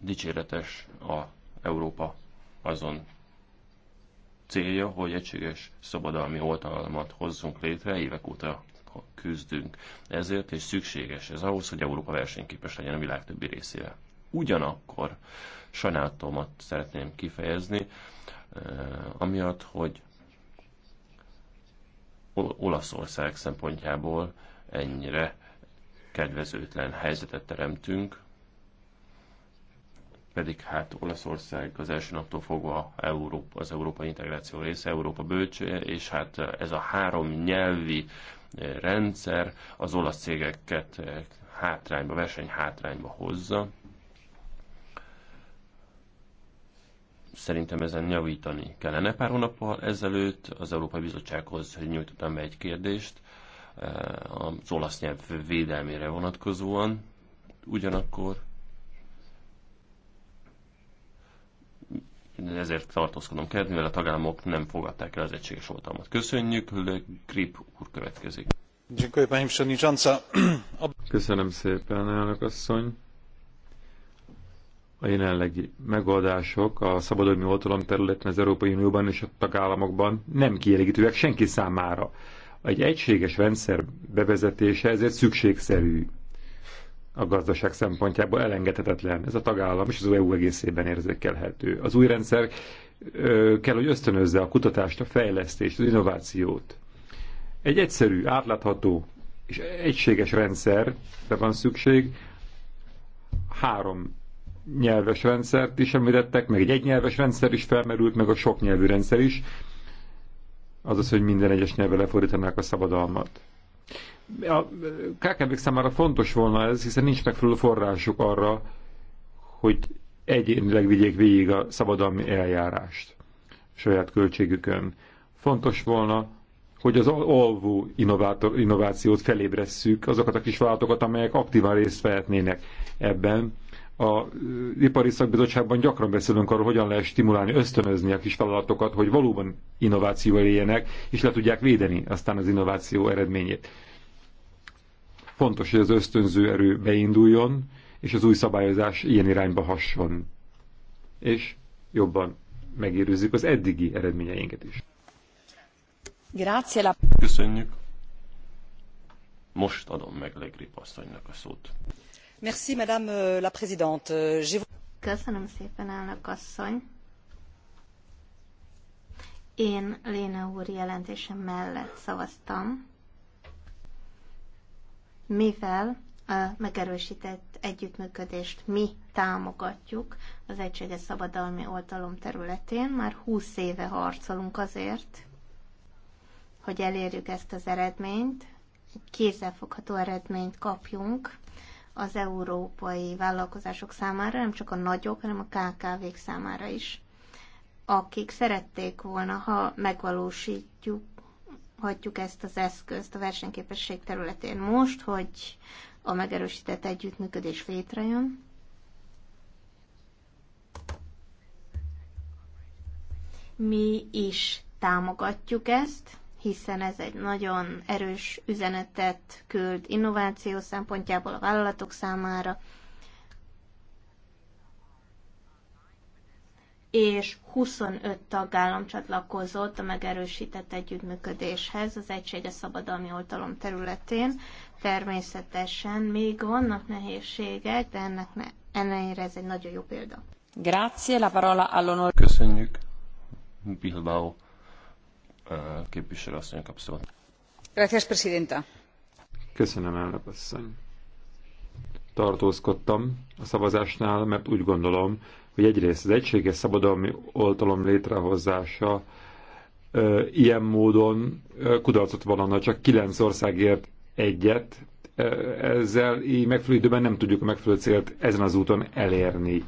S1: dicséretes a Európa azon célja, hogy egységes szabadalmi oltalmat hozzunk létre, évek óta küzdünk ezért, és szükséges ez ahhoz, hogy Európa versenyképes legyen a világ többi részével. Ugyanakkor sajnálatomat szeretném kifejezni, eh, amiatt, hogy Olaszország szempontjából ennyire kedvezőtlen helyzetet teremtünk, pedig hát Olaszország az első naptól fogva Európa, az európai integráció része, Európa bölcsője, és hát ez a három nyelvi eh, rendszer az olasz cégeket eh, hátrányba, verseny hátrányba hozza. Szerintem ezen javítani kellene. Pár hónappal ezelőtt az Európai Bizottsághoz nyújtottam be egy kérdést eh, az olasz nyelv védelmére vonatkozóan. Ugyanakkor ezért tartózkodom kellett, mivel a tagállamok nem fogadták el az egységes oltalmat. Köszönjük, Le Grip úr következik.
S3: Köszönöm szépen, elnök asszony. A jelenlegi megoldások a szabadalmi oltalom területen az Európai Unióban és a tagállamokban nem kielégítőek senki számára. Egy egységes rendszer bevezetése ezért szükségszerű a gazdaság szempontjából elengedhetetlen. Ez a tagállam és az EU egészében érzékelhető. Az új rendszer kell, hogy ösztönözze a kutatást, a fejlesztést, az innovációt. Egy egyszerű, átlátható és egységes rendszerre van szükség. Három nyelves rendszert is említettek, meg egy egynyelves rendszer is felmerült, meg a sok nyelvű rendszer is. Azaz, hogy minden egyes nyelvvel lefordítanák a szabadalmat. A kkv számára fontos volna ez, hiszen nincs megfelelő forrásuk arra, hogy egyénileg vigyék végig a szabadalmi eljárást saját költségükön. Fontos volna, hogy az alvó innovátor, innovációt felébresszük, azokat a kis vállalatokat, amelyek aktívan részt vehetnének ebben. A ipari szakbizottságban gyakran beszélünk arról, hogyan lehet stimulálni, ösztönözni a kis vállalatokat, hogy valóban innovációval éljenek, és le tudják védeni aztán az innováció eredményét. Fontos, hogy az ösztönző erő beinduljon, és az új szabályozás ilyen irányba hasson. És jobban megérőzzük az eddigi eredményeinket is. Köszönjük.
S1: Most adom meg Legrip asszonynak a szót. Merci, Madame euh, la
S2: Présidente. Euh, Köszönöm szépen, elnök asszony. Én Léna úr jelentésem mellett szavaztam, mivel a megerősített együttműködést mi támogatjuk az Egységes Szabadalmi Oltalom területén. Már 20 éve harcolunk azért, hogy elérjük ezt az eredményt, kézzelfogható eredményt kapjunk az európai vállalkozások számára, nem csak a nagyok, hanem a KKV-k számára is, akik szerették volna, ha megvalósítjuk Hagyjuk ezt az eszközt a versenyképesség területén most, hogy a megerősített együttműködés létrejön. Mi is támogatjuk ezt, hiszen ez egy nagyon erős üzenetet küld innováció szempontjából a vállalatok számára, és 25 tagállam csatlakozott a megerősített együttműködéshez az egységes szabadalmi oltalom területén. Természetesen még vannak nehézségek, de ennek ne, ennél ez egy nagyon jó példa.
S1: Grazie, la parola all'onor. Köszönjük.
S3: Bilbao eh, képviselő asszony kap szót.
S1: Gracias, presidenta.
S3: Köszönöm, elnök asszony. Tartózkodtam a szavazásnál, mert úgy gondolom, hogy egyrészt az egységes szabadalmi oltalom létrehozása ilyen módon kudarcot vallana, csak kilenc országért egyet, egyet, ezzel így megfelelő időben nem tudjuk a megfelelő célt ezen az úton elérni.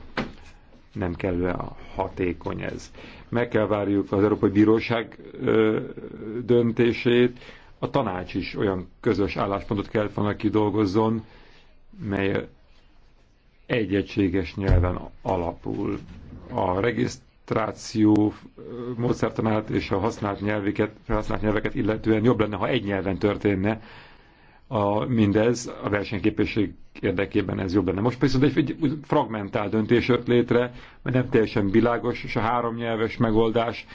S3: Nem kellően hatékony ez. Meg kell várjuk az Európai Bíróság döntését, a tanács is olyan közös álláspontot kell volna kidolgozzon, mely egy egységes nyelven alapul. A regisztráció módszertanát és a használt nyelveket, használt nyelveket illetően jobb lenne, ha egy nyelven történne a, mindez, a versenyképesség érdekében ez jobb lenne. Most persze, egy, egy fragmentál döntés jött létre, mert nem teljesen világos, és a három nyelves megoldás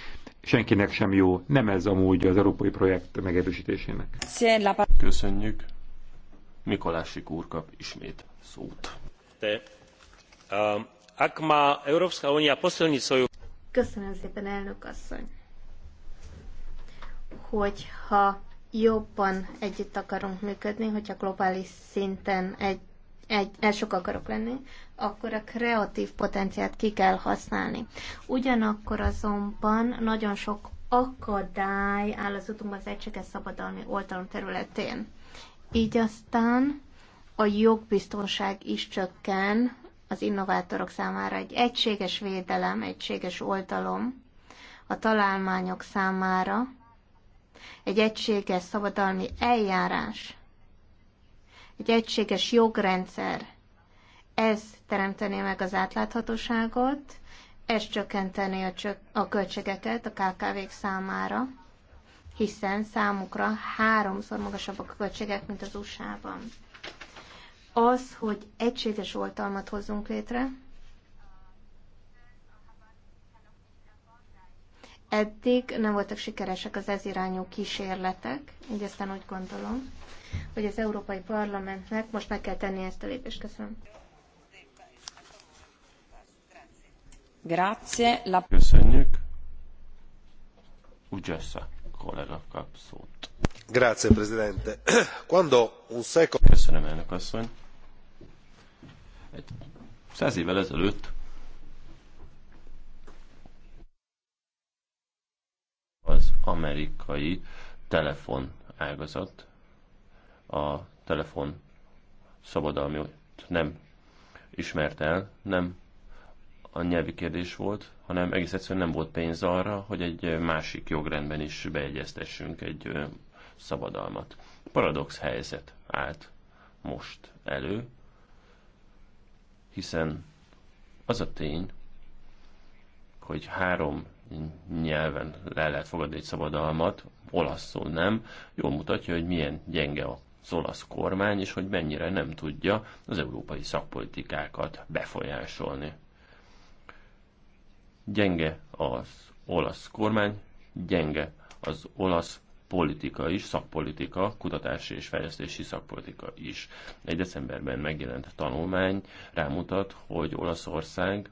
S3: senkinek sem jó. Nem ez a módja az európai projekt megerősítésének. Köszönjük. Mikolási úr kap ismét szót.
S1: Um, ak má európska únia posilniť svoju.
S2: köszönöm szépen elnök asszony hogyha jobban együtt akarunk működni, hogyha globális szinten egy, egy, elsők akarok lenni, akkor a kreatív potenciát ki kell használni. Ugyanakkor azonban nagyon sok akadály áll az utunkban az egységes szabadalmi oltalom területén. Így aztán a jogbiztonság is csökken az innovátorok számára. Egy egységes védelem, egységes oltalom a találmányok számára, egy egységes szabadalmi eljárás, egy egységes jogrendszer, ez teremtené meg az átláthatóságot, ez csökkentené a, csök- a költségeket a KKV-k számára, hiszen számukra háromszor magasabbak a költségek, mint az USA-ban az, hogy egységes oltalmat hozzunk létre. Eddig nem voltak sikeresek az ez irányú kísérletek, így aztán úgy gondolom, hogy az Európai Parlamentnek most meg kell tenni ezt a lépést. Köszönöm.
S1: Grazie. La... Köszönjük. Ugyassa kollega kap szót. Grazie, Presidente. Quando un secolo... Köszönöm, elnök asszony. Egy száz évvel ezelőtt az amerikai telefon ágazat a telefon szabadalmi nem ismert el, nem a nyelvi kérdés volt, hanem egész egyszerűen nem volt pénz arra, hogy egy másik jogrendben is beegyeztessünk egy szabadalmat. Paradox helyzet állt most elő, hiszen az a tény, hogy három nyelven le lehet fogadni egy szabadalmat, olaszul nem, jól mutatja, hogy milyen gyenge az olasz kormány, és hogy mennyire nem tudja az európai szakpolitikákat befolyásolni. Gyenge az olasz kormány, gyenge az olasz politika is, szakpolitika, kutatási és fejlesztési szakpolitika is. Egy decemberben megjelent tanulmány rámutat, hogy Olaszország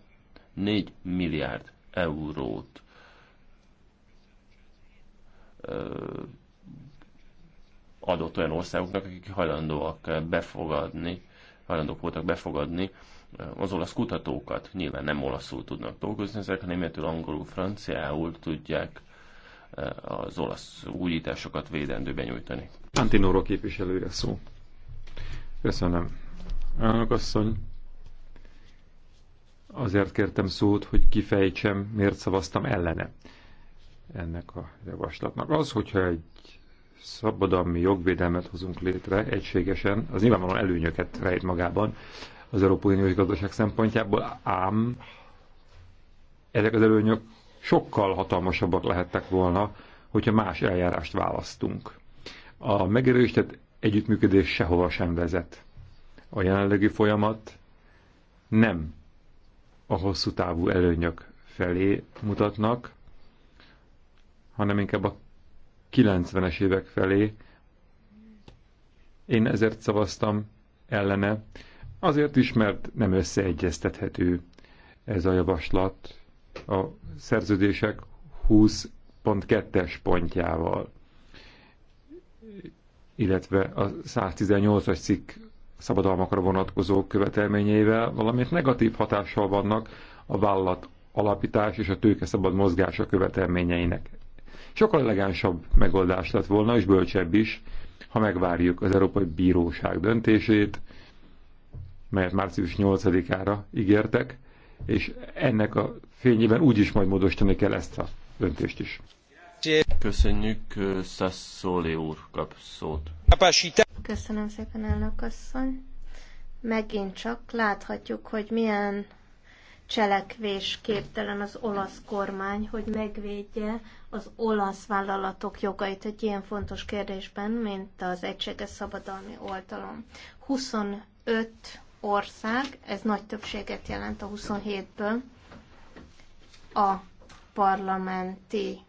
S1: 4 milliárd eurót adott olyan országoknak, akik hajlandóak befogadni, hajlandók voltak befogadni az olasz kutatókat. Nyilván nem olaszul tudnak dolgozni ezek, a németül, angolul, franciául tudják az olasz újításokat védendő benyújtani.
S3: Antinoro képviselőre szó. Köszönöm. Elnök asszony, azért kértem szót, hogy kifejtsem, miért szavaztam ellene ennek a javaslatnak. Az, hogyha egy szabadalmi jogvédelmet hozunk létre egységesen, az nyilvánvalóan előnyöket rejt magában az Európai Uniós gazdaság szempontjából, ám ezek az előnyök sokkal hatalmasabbak lehettek volna, hogyha más eljárást választunk. A megerősített együttműködés sehova sem vezet. A jelenlegi folyamat nem a hosszú távú előnyök felé mutatnak, hanem inkább a 90-es évek felé. Én ezért szavaztam ellene, azért is, mert nem összeegyeztethető ez a javaslat a szerződések 20.2-es pontjával, illetve a 118-as cikk szabadalmakra vonatkozó követelményeivel, valamint negatív hatással vannak a vállalat alapítás és a tőke szabad mozgása követelményeinek. Sokkal elegánsabb megoldás lett volna, és bölcsebb is, ha megvárjuk az Európai Bíróság döntését, melyet március 8-ára ígértek, és ennek a fényében is majd módosítani kell ezt a döntést is.
S1: Köszönjük, Szaszóli úr kap szót.
S2: Köszönöm szépen, elnök asszony. Megint csak láthatjuk, hogy milyen cselekvés képtelen az olasz kormány, hogy megvédje az olasz vállalatok jogait egy ilyen fontos kérdésben, mint az egységes szabadalmi oltalom. 25 ország, ez nagy többséget jelent a 27-ből, a parlamenti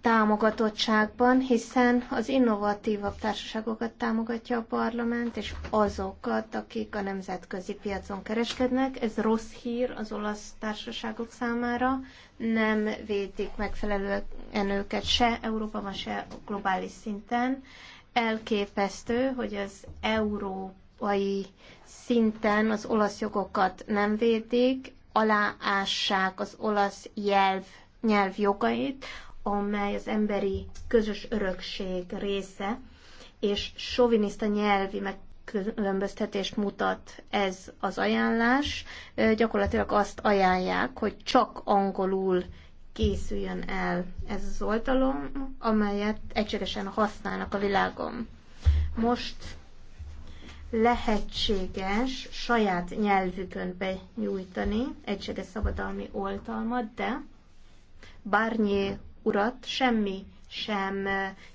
S2: támogatottságban, hiszen az innovatívabb társaságokat támogatja a parlament, és azokat, akik a nemzetközi piacon kereskednek. Ez rossz hír az olasz társaságok számára, nem védik megfelelően őket se Európában, se globális szinten, elképesztő, hogy az európai szinten az olasz jogokat nem védik, aláássák az olasz jelv, nyelv jogait, amely az emberi közös örökség része, és soviniszta nyelvi különböztetést mutat ez az ajánlás. Gyakorlatilag azt ajánlják, hogy csak angolul készüljön el ez az oltalom, amelyet egységesen használnak a világon. Most lehetséges saját nyelvükön benyújtani egységes szabadalmi oltalmat, de bárnyi urat semmi sem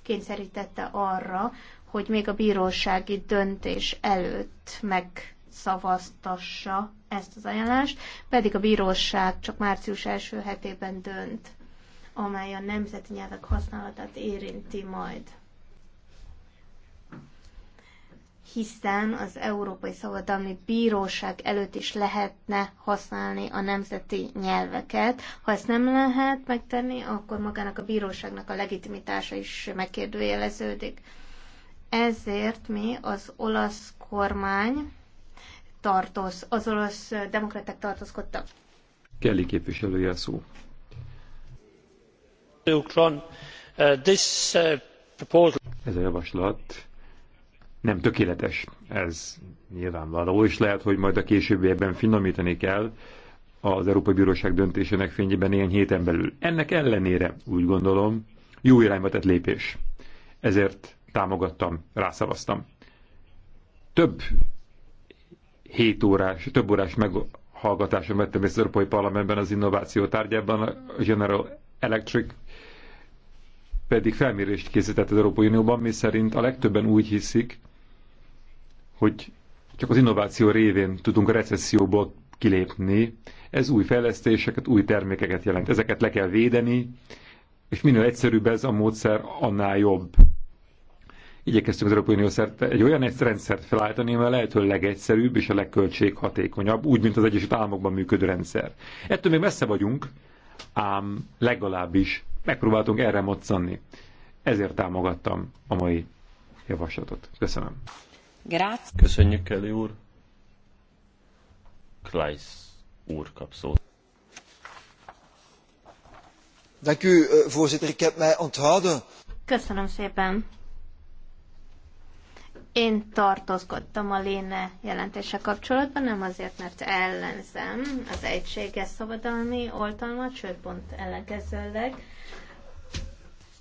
S2: kényszerítette arra, hogy még a bírósági döntés előtt megszavaztassa ezt az ajánlást, pedig a bíróság csak március első hetében dönt, amely a nemzeti nyelvek használatát érinti majd. Hiszen az Európai Szabadalmi Bíróság előtt is lehetne használni a nemzeti nyelveket. Ha ezt nem lehet megtenni, akkor magának a bíróságnak a legitimitása is megkérdőjeleződik. Ezért mi az olasz kormány tartoz, az orosz demokraták tartózkodtak.
S3: Kelly képviselője a szó.
S1: Eh, eh,
S3: ez a javaslat nem tökéletes, ez nyilvánvaló, és lehet, hogy majd a későbbiekben finomítani kell az Európai Bíróság döntésének fényében néhány héten belül. Ennek ellenére úgy gondolom, jó irányba tett lépés. Ezért támogattam, rászavaztam. Több 7 órás, több órás meghallgatáson vettem az Európai Parlamentben az innováció tárgyában, a General Electric pedig felmérést készített az Európai Unióban, mi szerint a legtöbben úgy hiszik, hogy csak az innováció révén tudunk a recesszióból kilépni. Ez új fejlesztéseket, új termékeket jelent. Ezeket le kell védeni, és minél egyszerűbb ez a módszer, annál jobb. Igyekeztünk az Európai Unió szerte egy olyan egy rendszert felállítani, amely lehető legegyszerűbb és a legköltséghatékonyabb, úgy, mint az Egyesült Államokban működő rendszer. Ettől még messze vagyunk, ám legalábbis megpróbáltunk erre moccanni. Ezért támogattam a mai javaslatot. Köszönöm. Grácz. Köszönjük, Kelly úr.
S1: Kleisz úr kap szót.
S3: Dank u, eh, voorzitter. Ik heb mij onthouden.
S2: Köszönöm szépen. Én tartozkodtam a léne jelentése kapcsolatban, nem azért, mert ellenzem az egységes szabadalmi oltalmat, sőt, pont ellenkezőleg.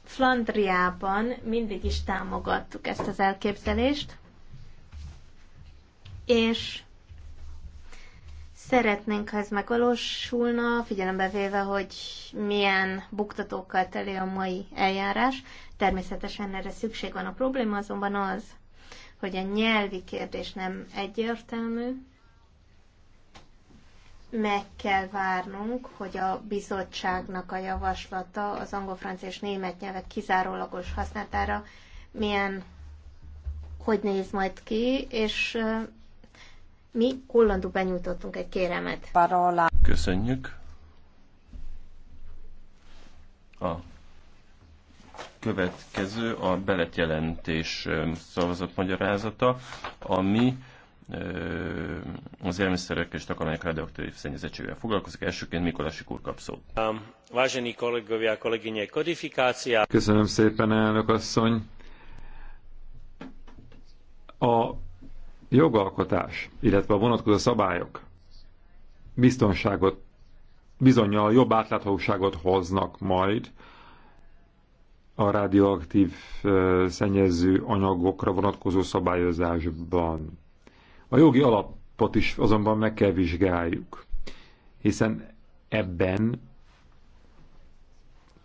S2: Flandriában mindig is támogattuk ezt az elképzelést, és szeretnénk, ha ez megvalósulna, figyelembe véve, hogy milyen buktatókkal teli a mai eljárás. Természetesen erre szükség van. A probléma azonban az, hogy a nyelvi kérdés nem egyértelmű, meg kell várnunk, hogy a bizottságnak a javaslata az angol, francia és német nyelvek kizárólagos használatára milyen, hogy néz majd ki, és mi hollandú benyújtottunk egy kéremet. Parola.
S1: Köszönjük. A következő a beletjelentés magyarázata, ami az élmiszerek és takarmányok radioaktív szennyezettségével foglalkozik. Elsőként Mikolási úr kap szót.
S3: Köszönöm szépen, elnök asszony. A jogalkotás, illetve a vonatkozó szabályok biztonságot bizonyal jobb átláthatóságot hoznak majd a radioaktív szennyező anyagokra vonatkozó szabályozásban. A jogi alapot is azonban meg kell vizsgáljuk, hiszen ebben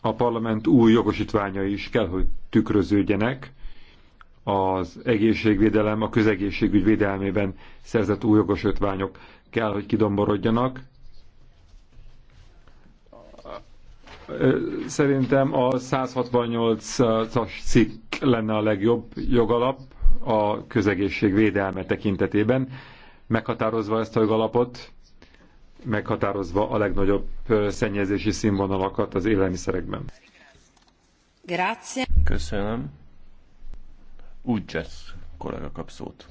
S3: a parlament új jogosítványa is kell, hogy tükröződjenek, az egészségvédelem, a közegészségügy védelmében szerzett új jogosítványok kell, hogy kidomborodjanak, Szerintem a 168-as cikk lenne a legjobb jogalap a közegészség védelme tekintetében, meghatározva ezt a jogalapot, meghatározva a legnagyobb szennyezési színvonalakat az élelmiszerekben. Grazie. Köszönöm. Ugyesz kollega kap szót.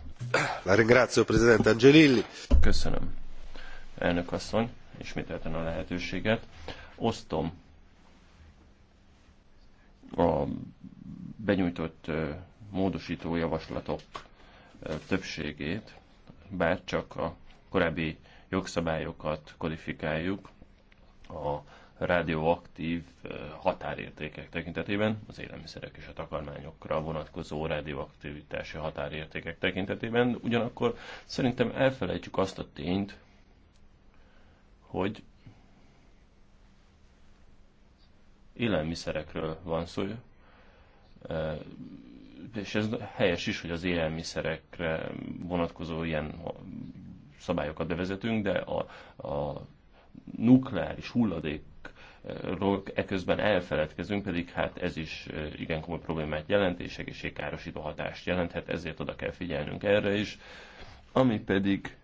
S3: La ringrazio, Presidente Angelilli.
S1: Köszönöm. Elnök asszony, ismételten a lehetőséget. Osztom a benyújtott módosító javaslatok többségét, bár csak a korábbi jogszabályokat kodifikáljuk a radioaktív határértékek tekintetében, az élelmiszerek és a takarmányokra vonatkozó radioaktivitási határértékek tekintetében. Ugyanakkor szerintem elfelejtjük azt a tényt, hogy élelmiszerekről van szó, és ez helyes is, hogy az élelmiszerekre vonatkozó ilyen szabályokat bevezetünk, de a, a nukleáris hulladékról eközben elfeledkezünk, pedig hát ez is igen komoly problémát jelent, és egészségkárosító hatást jelenthet, ezért oda kell figyelnünk erre is. Ami pedig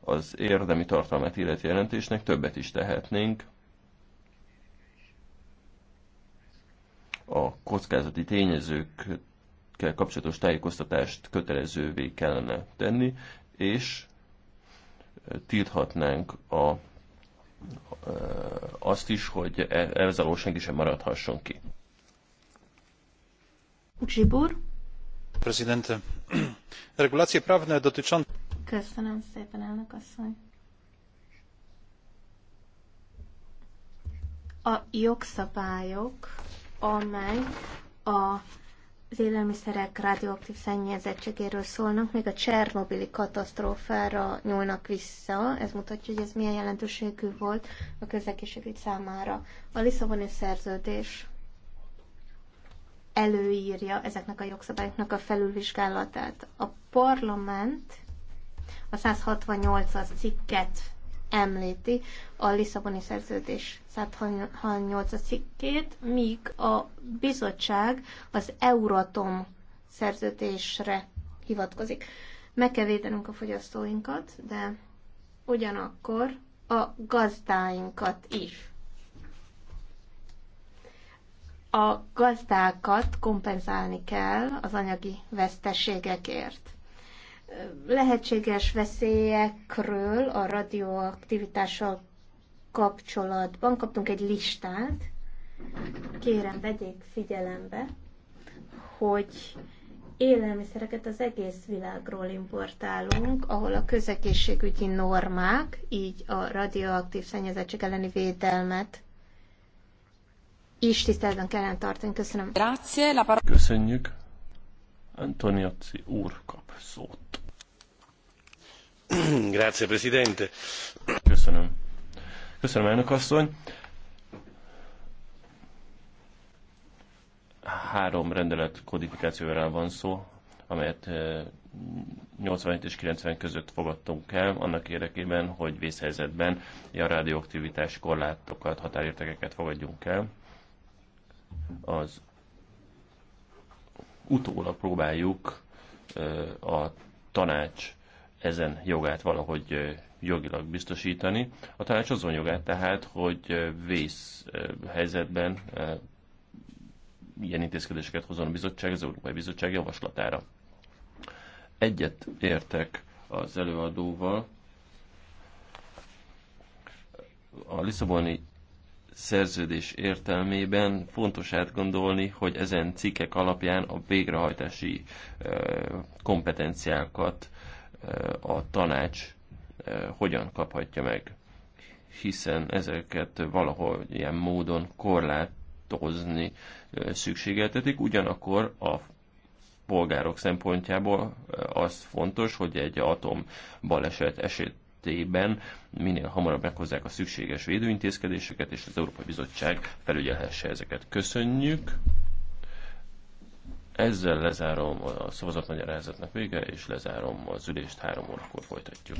S1: az érdemi tartalmat illeti jelentésnek többet is tehetnénk, a kockázati tényezőkkel kapcsolatos tájékoztatást kötelezővé kellene tenni, és tilthatnánk a, azt is, hogy e, ez alól senki sem maradhasson ki.
S2: Zsibur?
S3: Prezidente, regulácie prawne dotyczące...
S2: Köszönöm szépen, elnök asszony. A jogszabályok amely a az élelmiszerek radioaktív szennyezettségéről szólnak, még a Csernobili katasztrófára nyúlnak vissza. Ez mutatja, hogy ez milyen jelentőségű volt a közlekedésügy számára. A Lisszaboni szerződés előírja ezeknek a jogszabályoknak a felülvizsgálatát. A parlament a 168-as cikket említi a Lisszaboni szerződés 168 cikkét, míg a bizottság az Euratom szerződésre hivatkozik. Meg kell védenünk a fogyasztóinkat, de ugyanakkor a gazdáinkat is. A gazdákat kompenzálni kell az anyagi veszteségekért lehetséges veszélyekről a radioaktivitással kapcsolatban kaptunk egy listát. Kérem, vegyék figyelembe, hogy élelmiszereket az egész világról importálunk, ahol a közegészségügyi normák, így a radioaktív szennyezettség elleni védelmet is tiszteletben kellene tartani. Köszönöm.
S1: Grazie, la Köszönjük. Antoniozzi úr kap szót. Grazie, Presidente. Köszönöm. Köszönöm, elnök asszony. Három rendelet kodifikációra van szó, amelyet 87 eh, és 90 között fogadtunk el, annak érdekében, hogy vészhelyzetben a radioaktivitás korlátokat, határértekeket fogadjunk el. Az utólag próbáljuk a tanács ezen jogát valahogy jogilag biztosítani. A tanács azon jogát tehát, hogy vész helyzetben ilyen intézkedéseket hozzon a bizottság, az Európai Bizottság javaslatára. Egyet értek az előadóval. A Lisszaboni szerződés értelmében fontos átgondolni, hogy ezen cikkek alapján a végrehajtási kompetenciákat a tanács hogyan kaphatja meg, hiszen ezeket valahol ilyen módon korlátozni szükségeltetik, ugyanakkor a polgárok szempontjából az fontos, hogy egy atom baleset esetében minél hamarabb meghozzák a szükséges védőintézkedéseket, és az Európai Bizottság felügyelhesse ezeket. Köszönjük! Ezzel lezárom a szavazatmagyarázatnak vége, és lezárom az ülést, három órakor folytatjuk.